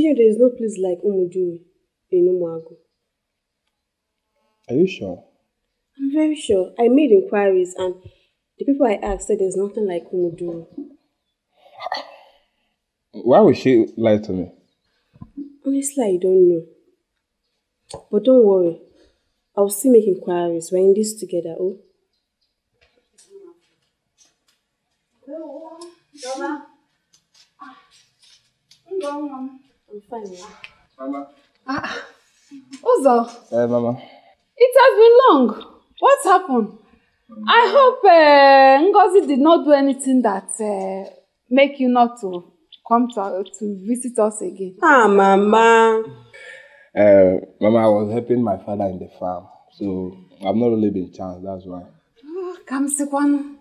know there is no place like Umudu in Umagu? Are you sure? I'm very sure. I made inquiries and the people I asked said there's nothing like Umudu. Why would she lie to me? Honestly, I don't know. But don't worry, I'll still make inquiries. We're in this together, oh? Mama. I'm fine, Mama. Ah, Ozo. Hey, eh, Mama. It has been long. What's happened? Mama. I hope uh, Ngozi did not do anything that uh, make you not to come to, uh, to visit us again. Ah, Mama. Uh, Mama, I was helping my father in the farm, so I've not really been chanced, that's why. Oh, Kamsikwan.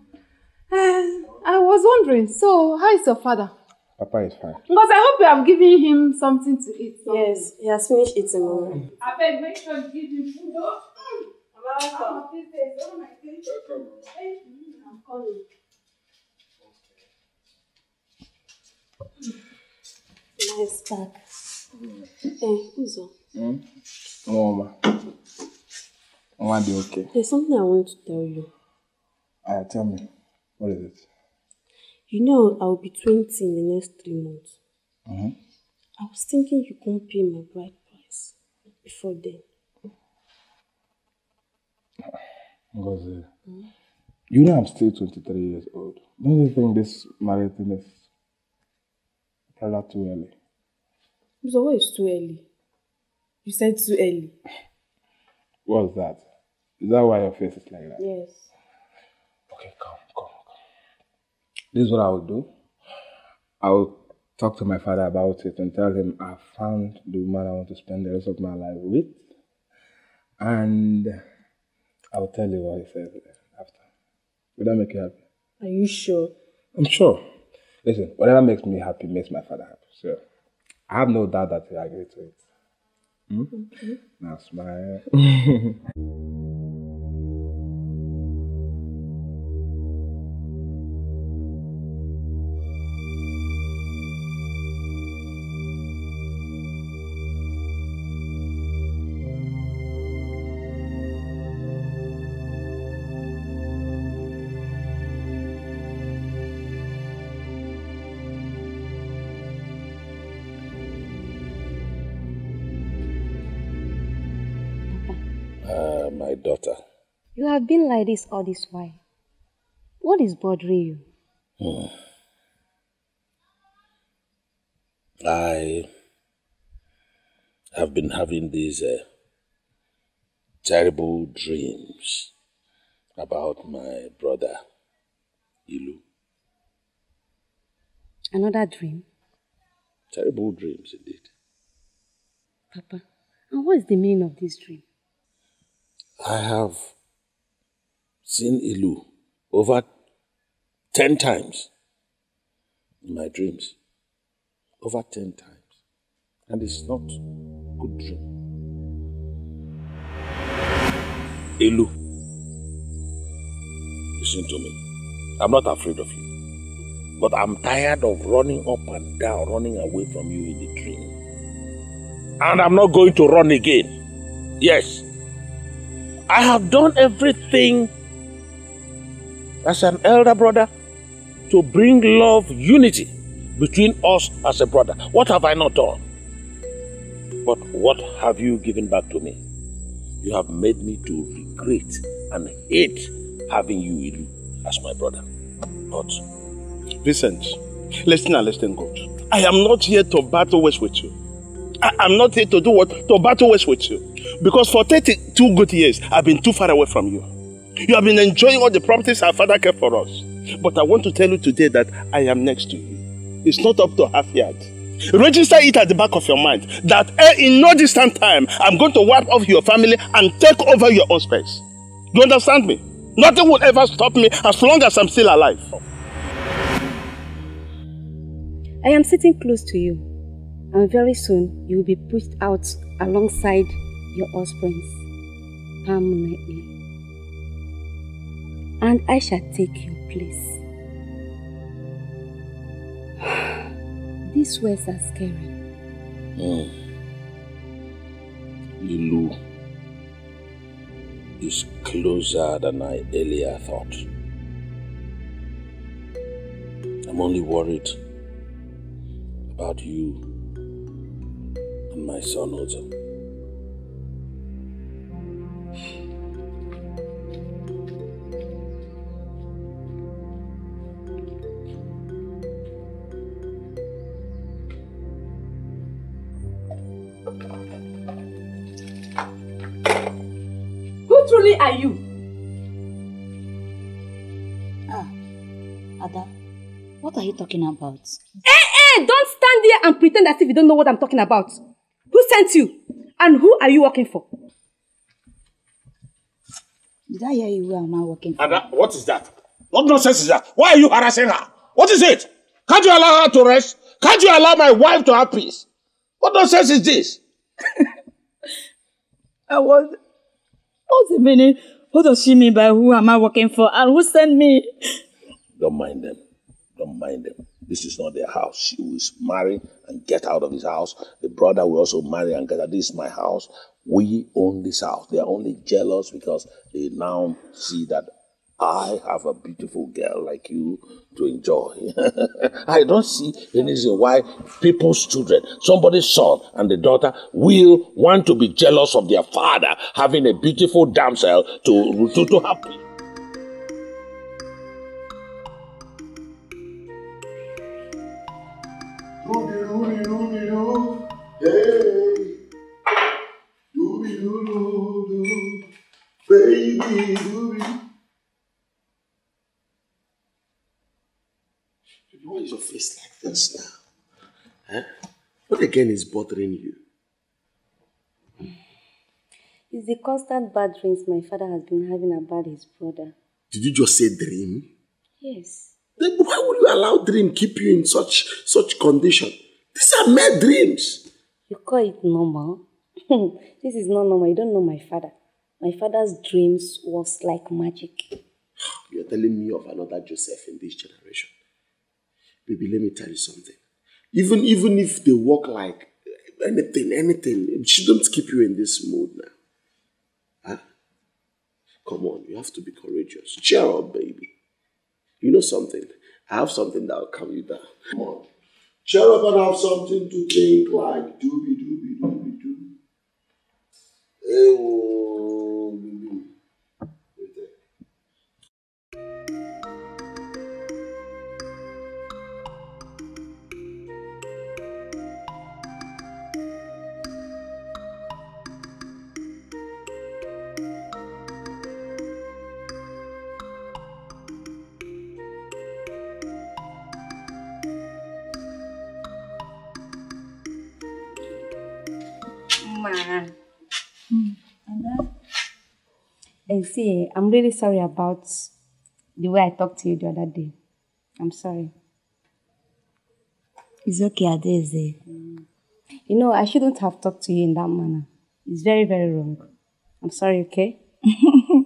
Eh, I was wondering, so how is your father? Papa is fine. Because I hope you have given him something to eat. Something. Yes, he has finished eating. Mama. Oh. I beg, make sure you give him food. Oh. Welcome. Welcome. I'm calling. Nice bag. Hey, eh, who's Uzo. Mm? Mama. Mama, be okay. There's something I want to tell you. Uh, tell me. What is it? You know, I'll be 20 in the next three months. Mm-hmm. I was thinking you can't pay my bride price before then. Because mm-hmm. you know I'm still 23 years old. Don't you think this marriage thing is rather too early? It's always too early. You said too early. What's that? Is that why your face is like that? Yes. Okay, come, come, come. This is what I will do. I will talk to my father about it and tell him I found the woman I want to spend the rest of my life with. And I will tell you what he says after. Will that make you happy? Are you sure? I'm sure. Listen, whatever makes me happy makes my father happy. So I have no doubt that he agree to it. Mm-hmm. mm-hmm. That's bad. have been like this all this while. What is bothering you? Hmm. I have been having these uh, terrible dreams about my brother, Ilu. Another dream? Terrible dreams indeed. Papa, and what is the meaning of this dream? I have seen Ilu over 10 times in my dreams. Over 10 times. And it's not good dream. Ilu, listen to me. I'm not afraid of you. But I'm tired of running up and down, running away from you in the dream. And I'm not going to run again. Yes. I have done everything as an elder brother to bring love, unity between us as a brother. What have I not done? But what have you given back to me? You have made me to regret and hate having you, as my brother. But, Vincent, listen and listen good. I am not here to battle waste with you. I am not here to do what? To battle waste with you. Because for 32 good years, I've been too far away from you. You have been enjoying all the properties our father kept for us. But I want to tell you today that I am next to you. It's not up to half yard. Register it at the back of your mind that eh, in no distant time, I'm going to wipe off your family and take over your own space. Do you understand me? Nothing will ever stop me as long as I'm still alive. I am sitting close to you, and very soon you will be pushed out alongside your offspring permanently and I shall take your place. These words are scary. Mm. Oh. is closer than I earlier thought. I'm only worried about you and my son Ozan. are you talking about? Hey, eh, eh, hey, don't stand there and pretend as if you don't know what I'm talking about. Who sent you? And who are you working for? Did I hear you? Where am I working for? Ada, what is that? What nonsense is that? Why are you harassing her? What is it? Can't you allow her to rest? Can't you allow my wife to have peace? What nonsense is this? I was... What's the meaning? What does she mean by who am I working for and who sent me? Don't mind them. Don't mind them. This is not their house. She will marry and get out of his house. The brother will also marry and get out. This is my house. We own this house. They are only jealous because they now see that I have a beautiful girl like you to enjoy. I don't see any reason why people's children, somebody's son and the daughter, will want to be jealous of their father having a beautiful damsel to, to, to happy. again is bothering you? It's the constant bad dreams my father has been having about his brother. Did you just say dream? Yes. Then why would you allow dream keep you in such such condition? These are mere dreams. You call it normal? this is not normal. You don't know my father. My father's dreams was like magic. You're telling me of another Joseph in this generation. Baby, let me tell you something. Even even if they work like anything, anything, she do not keep you in this mood now. Huh? Come on, you have to be courageous. Cheer up, baby. You know something? I have something that will calm you down. Come on. Cheer up and have something to think like doobie doobie doobie doo. Hey, oh. And see, I'm really sorry about the way I talked to you the other day. I'm sorry. It's okay, Adeze. Mm. You know, I shouldn't have talked to you in that manner. It's very, very wrong. I'm sorry, okay?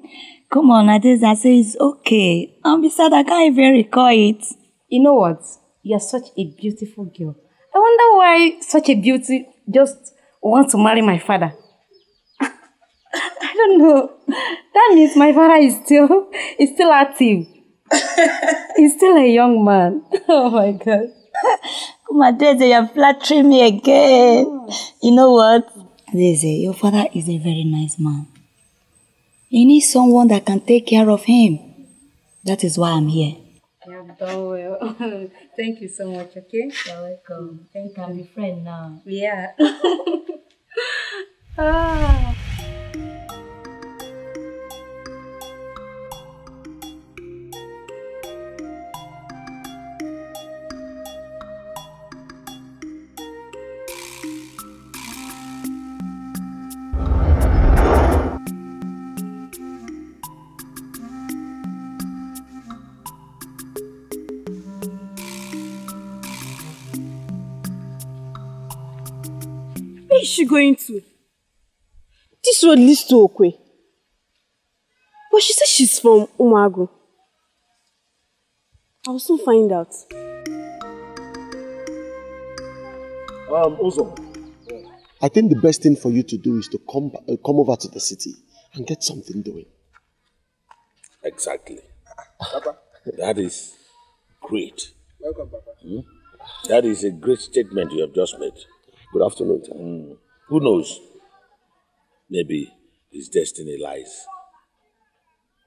Come on, Adeze. I say it's okay. And besides, I can't even recall it. You know what? You're such a beautiful girl. I wonder why such a beauty just wants to marry my father. I don't know. That means my father is still is still active. He's still a young man. Oh my god. My Dese, you're flattering me again. Oh. You know what? Dese, your father is a very nice man. He needs someone that can take care of him. That is why I'm here. You have done well. Thank you so much, okay? You're welcome. Thank you. I'm your friend now. Yeah. ah. going to? This road leads to Okwe. But she says she's from Umago. I'll soon find out. Um, Ozo. I think the best thing for you to do is to come, uh, come over to the city and get something doing. Exactly. Papa. That is great. Welcome, Papa. Hmm? That is a great statement you have just made. Good afternoon. Mm. Who knows? Maybe his destiny lies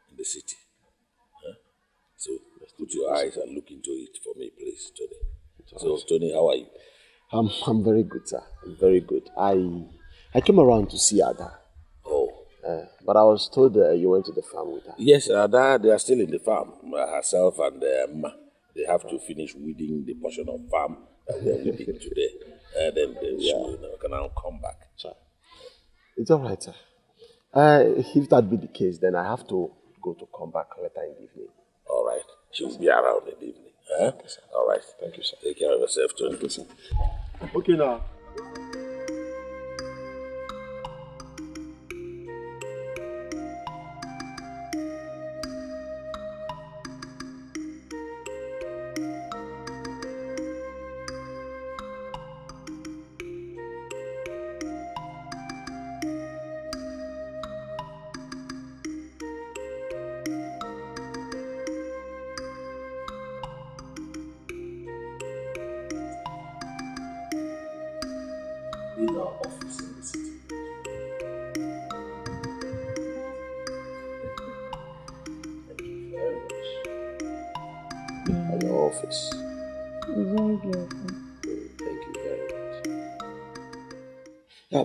in the city. Huh? So put your eyes and look into it for me, please, Tony. So, Tony, how are you? I'm, I'm very good, sir. I'm very good. I I came around to see Ada. Oh. Uh, but I was told uh, you went to the farm with her. Yes, Ada, they are still in the farm. Uh, herself and uh, they have to finish weeding the portion of farm that we are weeding today. Uh, then uh, yeah. you know, can I come back? It's all right, sir. Uh, if that be the case, then I have to go to come back later in the evening. All right. She will be around in the evening. Huh? all right. Thank you, sir. Take care of yourself, too. Thank you, sir. Okay, now.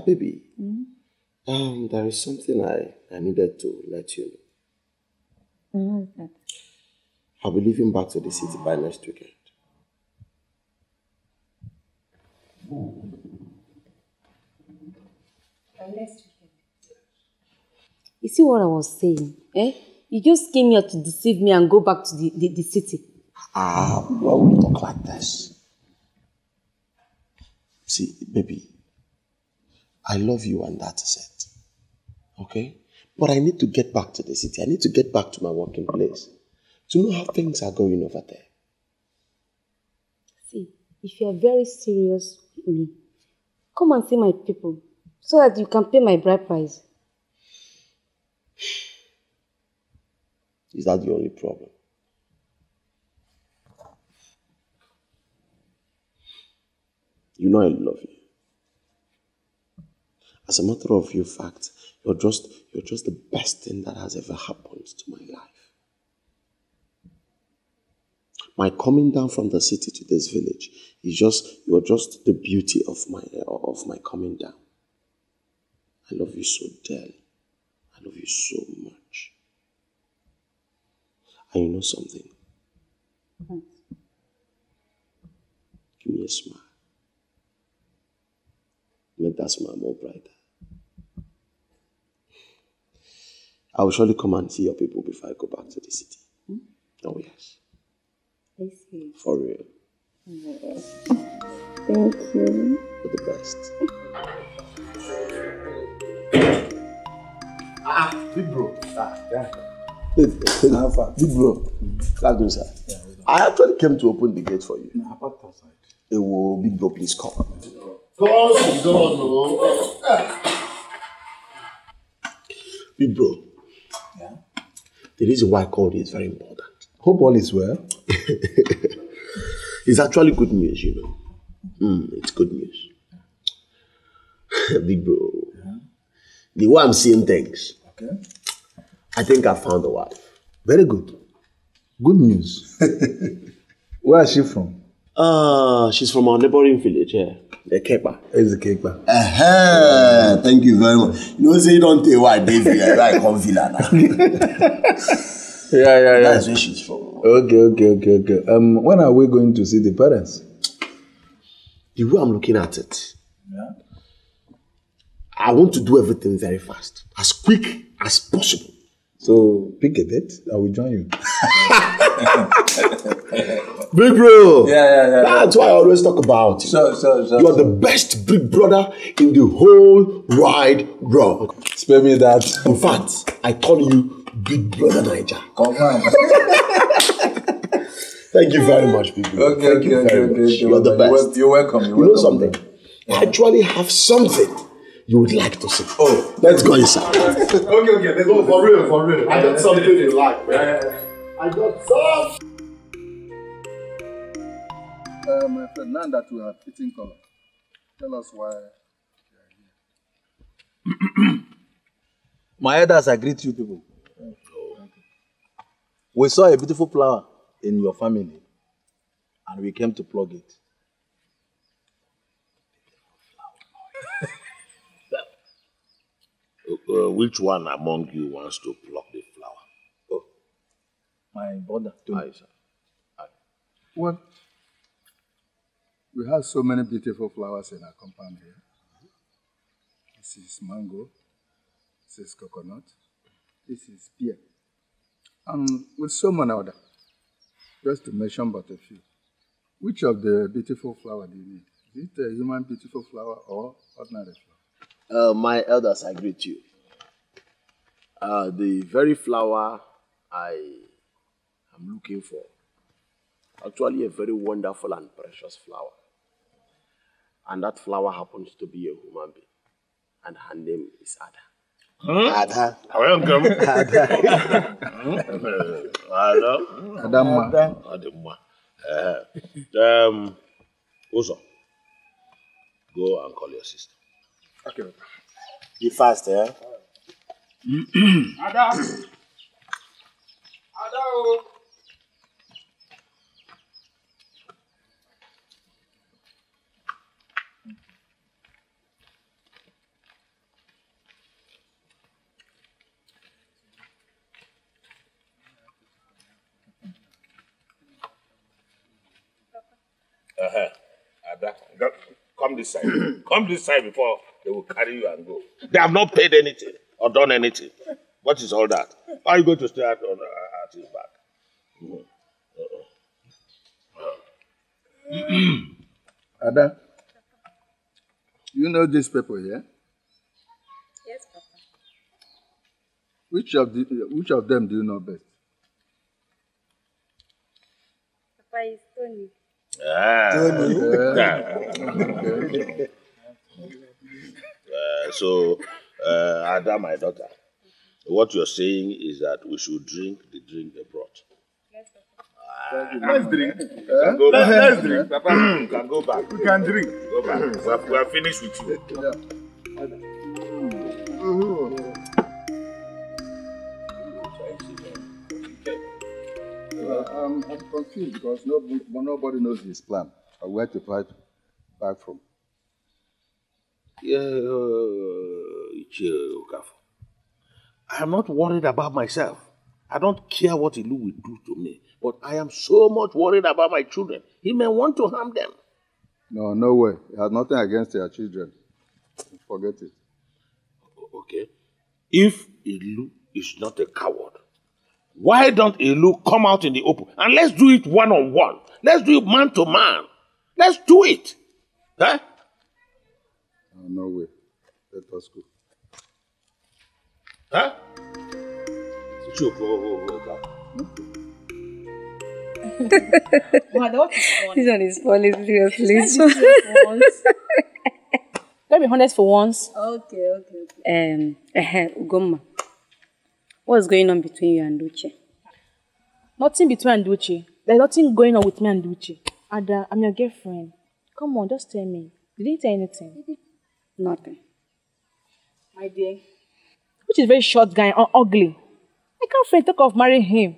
baby, mm. um, there is something I, I needed to let you know. Mm-hmm. What is that? I'll be leaving back to the city by next weekend. By next weekend? You see what I was saying? Eh? You just came here to deceive me and go back to the, the, the city. Ah, why would you talk like this? See, baby, I love you, and that is it. Okay? But I need to get back to the city. I need to get back to my working place to know how things are going over there. See, if you are very serious with me, come and see my people so that you can pay my bride price. Is that the only problem? You know I love you. As a matter of fact, you're just you're just the best thing that has ever happened to my life. My coming down from the city to this village is just you're just the beauty of my of my coming down. I love you so dearly. I love you so much. And you know something? Mm-hmm. Give me a smile. Make that smile more brighter. I will surely come and see your people before I go back to the city. Hmm? Oh, yes. I see. For real. Yes. Thank you. For the best. ah, big bro. Ah, yeah. big far? Big bro. How do sir? Yeah, I actually came to open the gate for you. No, I parked outside. It will, big bro, please come. Come, Close come, door, no. Big bro. Yeah. The reason why I called is very important. Hope all is well. it's actually good news, you know. Mm, it's good news. Big bro. Yeah. The way I'm seeing things. Okay. I think I found a wife. Very good. Good news. Where is she from? Uh, she's from our neighboring village, yeah. The keeper. It's the keeper. Uh-huh. Thank you very much. You know, say you don't tell why David I come villa now. yeah, yeah, yeah. That's where she's from. Okay, okay, okay, okay. Um, when are we going to see the parents? The way I'm looking at it, yeah. I want to do everything very fast, as quick as possible. So pick a date, I will join you. big bro. Yeah, yeah, yeah. That's yeah. why I always talk about you. so, so. You are the best big brother in the whole wide world. Spare me that. In fact, I call you Big Brother Niger. Come on. Thank you very much, big Okay, Thank okay, you okay, okay, okay, You're the best. You're welcome. You're welcome. You know something? Yeah. I actually have something you would like to see. Oh, let's go inside. okay, okay, let's go for real, for real. I got something you life, man. I got some. Uh, my friend, now that we have eating color, tell us why my elders, I greet you people. We saw a beautiful flower in your family, and we came to plug it. Uh, uh, which one among you wants to pluck the my brother too. Aye, sir. Aye. Well, we have so many beautiful flowers in our compound here. This is mango. This is coconut. This is pear. And with so many other, just to mention but a few. Which of the beautiful flower do you need? Is it a human beautiful flower or ordinary flower? Uh, my elders, I greet you. Uh, the very flower I I'm looking for. Actually, a very wonderful and precious flower. And that flower happens to be a human being. And her name is Ada. Hmm? Ada. Welcome. Ada. Hmm? Ada. Hmm? Ada. Ada. Ada. Ada. Uh, um, Uzo, go and call your sister. Okay. Be fast, eh? Ada. Ada. Oh. Uh-huh. Ada, come this side. come this side before they will carry you and go. They have not paid anything or done anything. What is all that? are you going to stay at, on, uh, at his back? Mm-hmm. Ada, you know these people here? Yes, Papa. Which of, the, which of them do you know best? Papa is Tony. Ah, okay. uh, so, uh, Ada, my daughter, what you're saying is that we should drink the drink they brought. Ah, let's drink. Huh? Go back. Let's drink. Papa, you can go back. We can drink. Go back. we, are, we are finished with you. Yeah. Mm-hmm. I'm, um, I'm confused because no, nobody knows his plan or uh, where to fight back from. Yeah, uh, I'm not worried about myself. I don't care what Ilu will do to me, but I am so much worried about my children. He may want to harm them. No, no way. He has nothing against your children. Forget it. Okay. If Ilu is not a coward, why don't look come out in the open? And let's do it one on one. Let's do it man to man. Let's do it. Huh? Uh, no way. Let us go. Huh? Choke. Oh, oh, This one is falling seriously. Let me honest for once. Okay, okay, okay. Um, uh, Ugoma. What's going on between you and Uche? Nothing between and Uche. There's nothing going on with me and Uche. Ada, uh, I'm your girlfriend. Come on, just tell me. Did you tell anything? Nothing. My dear. Which is very short guy and ugly. I can't friend talk of marrying him.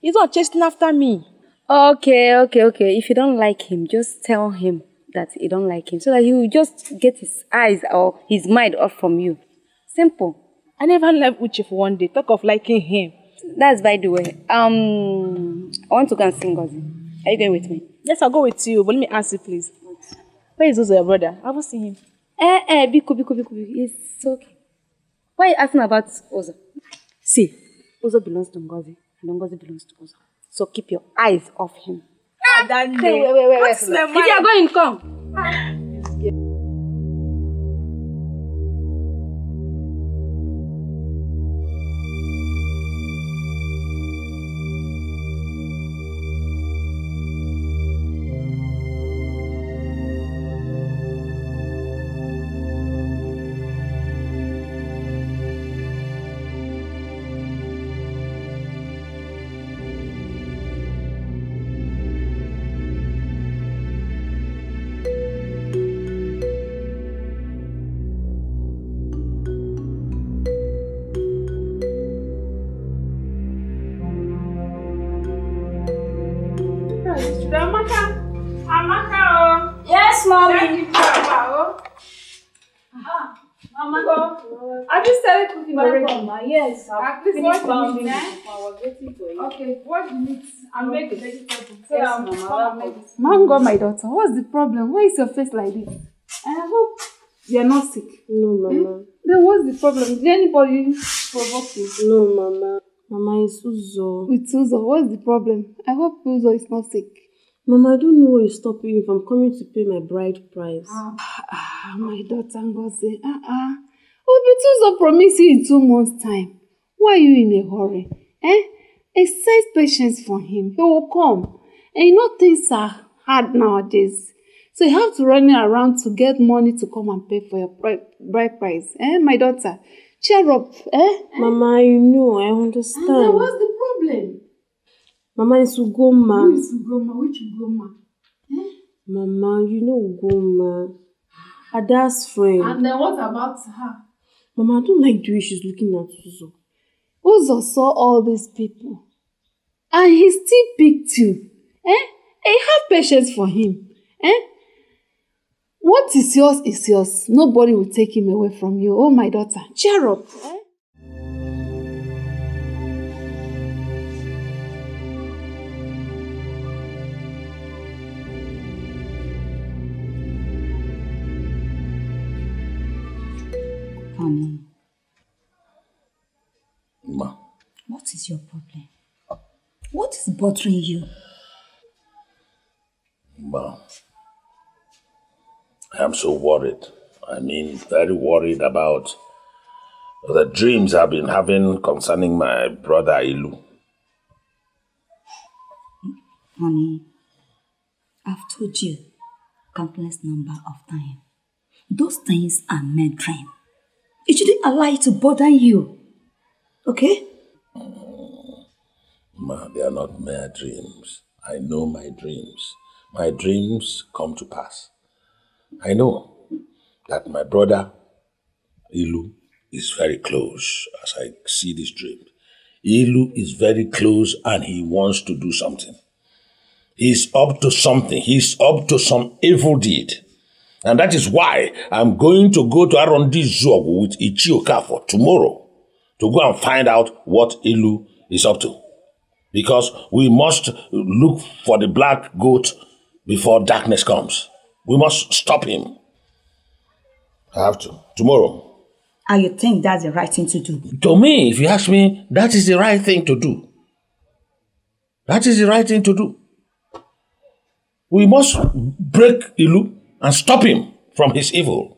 He's not chasing after me. Okay, okay, okay. If you don't like him, just tell him that you don't like him so that he will just get his eyes or his mind off from you. Simple. I never left Uche for one day. Talk of liking him. That's by the way. Um, I want to go and see Ngozi. Are you going with me? Yes, I'll go with you. But let me ask you, please. Where is Uzo, your brother? I haven't see him. Eh, eh, Biku, Biku, Biku, Biku. It's okay. Why are you asking about Uzo? See, Uzo belongs to Ngozi, and Ngozi belongs to Uzo. So keep your eyes off him. Ah, Danny. Wait, wait, wait, wait. wait. If you are going, come. Ah. finish pounding this one. we Okay, what mix i make it vegetable. So yes, mama, Mango, my daughter, what's the problem? Why is your face like this? I hope you're not sick. No, mama. Hmm? Then what's the problem? Did anybody provoke you? No, mama. Mama, it's Uzo. It's Uzo. What's the problem? I hope Uzo is not sick. Mama, I don't know what is stopping you if me from coming to pay my bride price. Ah, ah my daughter, Ngozi. Ah, ah. Obitu oh, Uzo promised you in two months' time. Why are you in a hurry? Eh? Exercise patience for him. He will come. And you know things are hard nowadays. So you have to run around to get money to come and pay for your bride price. Eh, my daughter? Cheer up, eh? Mama, you know, I understand. Anna, what's the problem? Mama, it's Ugoma. Who is Ugoma? Which Ugoma? Eh? Mama, you know Ugoma. Ada's friend. And then what about her? Mama, I don't like the way she's looking at Uzo. Uzo saw all these people and he still picked you. Eh? And eh, have patience for him. Eh? What is yours is yours. Nobody will take him away from you. Oh, my daughter, cheer up. Eh? What is bothering you? Mom, I am so worried. I mean, very worried about the dreams I've been having concerning my brother Ilu. Honey, I've told you countless number of times. Those things are meant dream. It shouldn't allow it to bother you. Okay? They are not mere dreams. I know my dreams. My dreams come to pass. I know that my brother Ilu is very close as I see this dream. Ilu is very close and he wants to do something. He's up to something. He's up to some evil deed. And that is why I'm going to go to Arundi Zog with Ichioka for tomorrow to go and find out what Ilu is up to because we must look for the black goat before darkness comes. We must stop him. I have to. Tomorrow. And you think that's the right thing to do? To me, if you ask me, that is the right thing to do. That is the right thing to do. We must break the loop and stop him from his evil.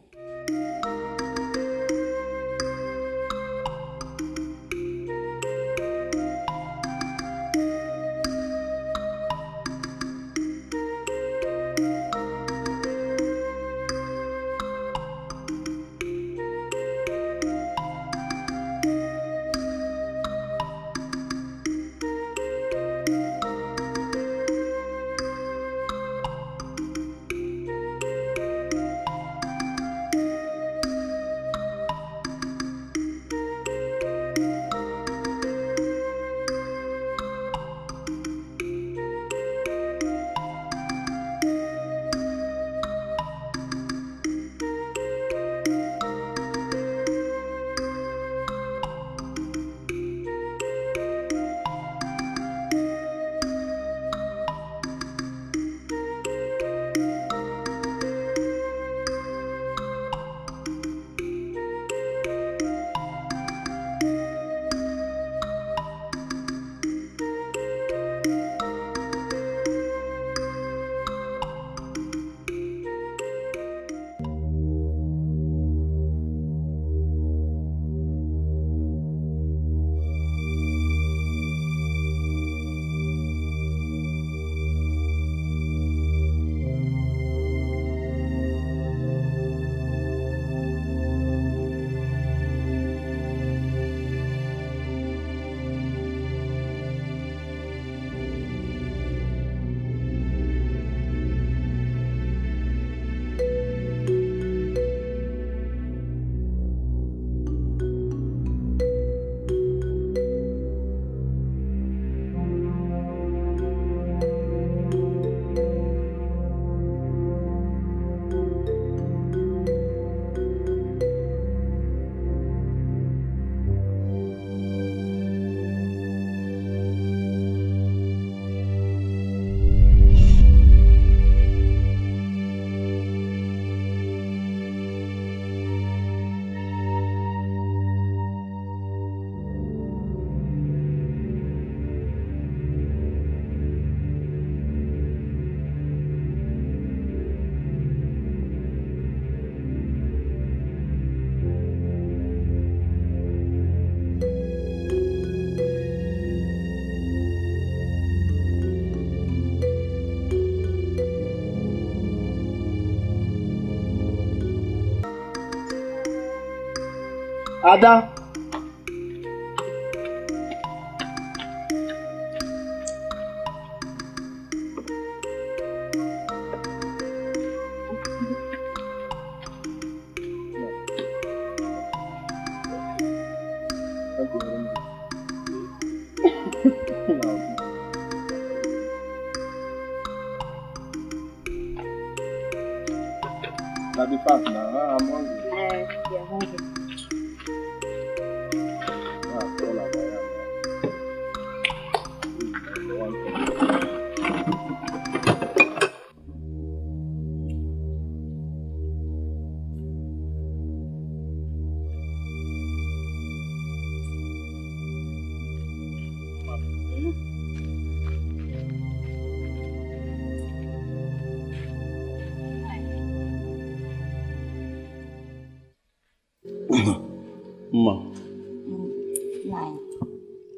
آدھا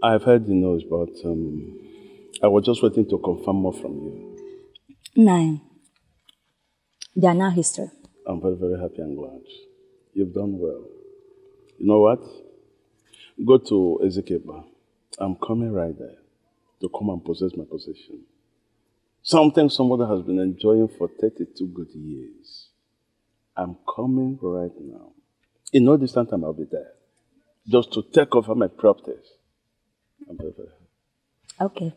I've heard the news, but um, I was just waiting to confirm more from you. Nine. They are now history. I'm very, very happy and glad. You've done well. You know what? Go to Ezekiel. I'm coming right there to come and possess my possession. Something somebody has been enjoying for 32 good years. I'm coming right now. In no distant time, I'll be there. Just to take over my properties. Ambrose. Okay.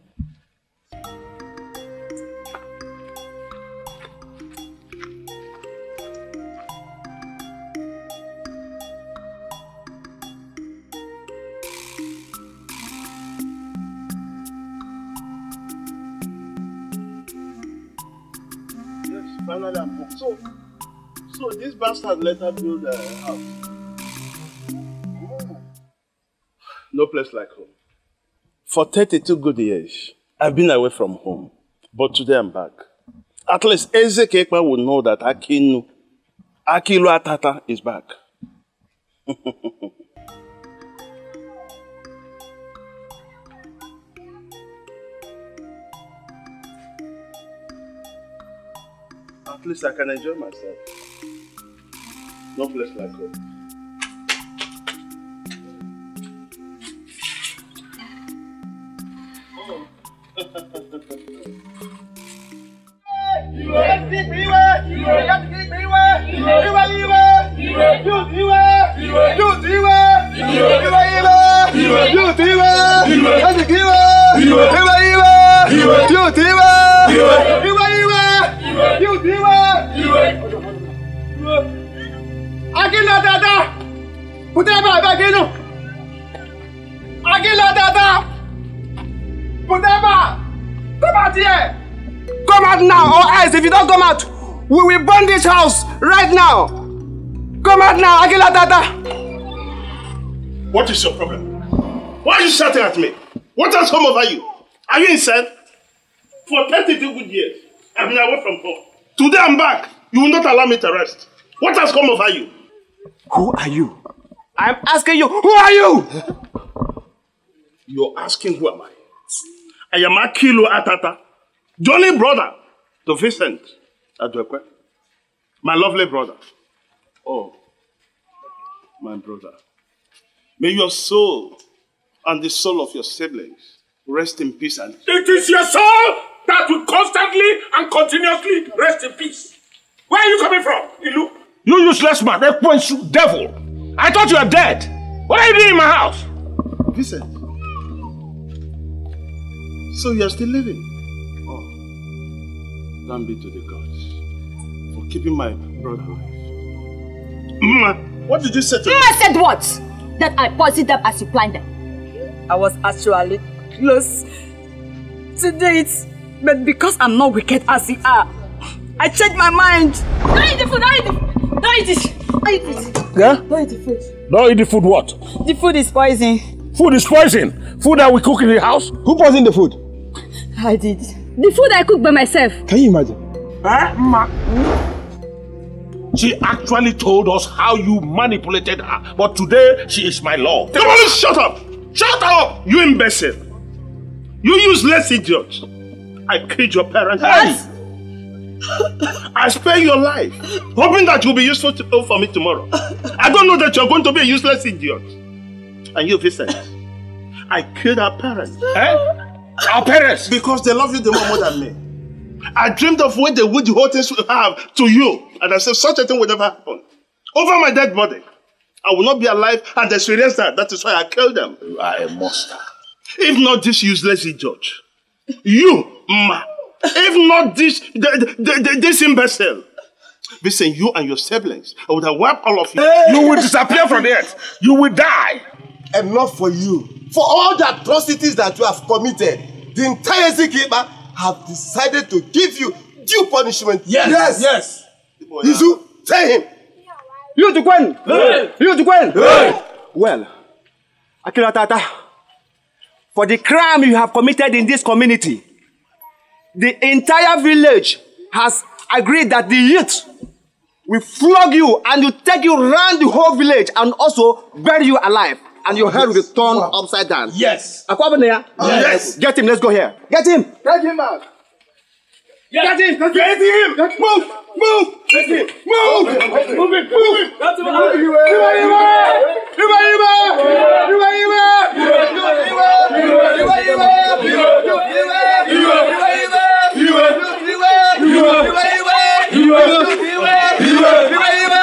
finally I'm home. So, so this bastard let her build a house. No place like home. For 32 good years, I've been away from home, but today I'm back. At least Ezekiel will know that Akinu, Akilu Atata is back. At least I can enjoy myself. No place like home. ìròyìn ti gbìn wá ìròyìn bá a bá kínú. Mudaba! Come out here! Come out now, or else if you don't come out, we will burn this house right now! Come out now, Akila Tata! What is your problem? Why are you shouting at me? What has come over you? Are you insane? For 32 good years, I've been away from home. Today I'm back. You will not allow me to rest. What has come over you? Who are you? I'm asking you, who are you? You're asking who am I? Ayamakilo Atata, Johnny brother to Vincent Adwekwe, my lovely brother. Oh, my brother. May your soul and the soul of your siblings rest in peace. And it is your soul that will constantly and continuously rest in peace. Where are you coming from, Ilu? You useless man, that point devil. I thought you were dead. What are you doing in my house? Vincent, So you are still living. Oh, thank be to the gods for keeping my brother alive. what did you say to me? I said what? That I poisoned them as you planned them. I was actually close to it, but because I'm not wicked as you are, I changed my mind. Don't eat the food, don't eat the food. Don't eat it. Don't eat it. Yeah? Don't eat the food. Don't eat the food what? The food is poison. Food is poison? Food that we cook in the house? Who poisoned the food? I did. The food I cooked by myself. Can you imagine? Eh? ma? She actually told us how you manipulated her, but today she is my love. Come on, shut up! Shut up! You imbecile! You useless idiot! I killed your parents. I spare your life, hoping that you'll be useful to, oh, for me tomorrow. I don't know that you're going to be a useless idiot. And you, Vincent, I killed our parents. eh? Our parents. Because they love you the more, more than me. I dreamed of what they would the whole things we have to you. And I said, such a thing would never happen. Over my dead body. I will not be alive and experience that. That is why I killed them. You are a monster. If not this useless judge, You, ma. If not this, the, the, the, this imbecile. Listen, you and your siblings, I would have wiped all of you. You will disappear from the earth. You will die enough for you. For all the atrocities that you have committed, the entire Ezekiel have decided to give you due punishment. Yes. Yes. yes. Izu, tell him. You to Gwen. Hey. You to Gwen. Hey. Well, Akira Tata, for the crime you have committed in this community, the entire village has agreed that the youth will flog you and will take you round the whole village and also bury you alive and your head will be turned upside down. Yes. Akwabunaya. Yes. Get him. Let's go here. Get him. Get him out. Get him! Get him! Move! Move! Get move. Move! Move it! Move it! Move what Move doing! Move Iba! Move Iba! Move Iba! Move Iba! Move Iba! Move Iba! Move Iba! Move Iba! Move Iba!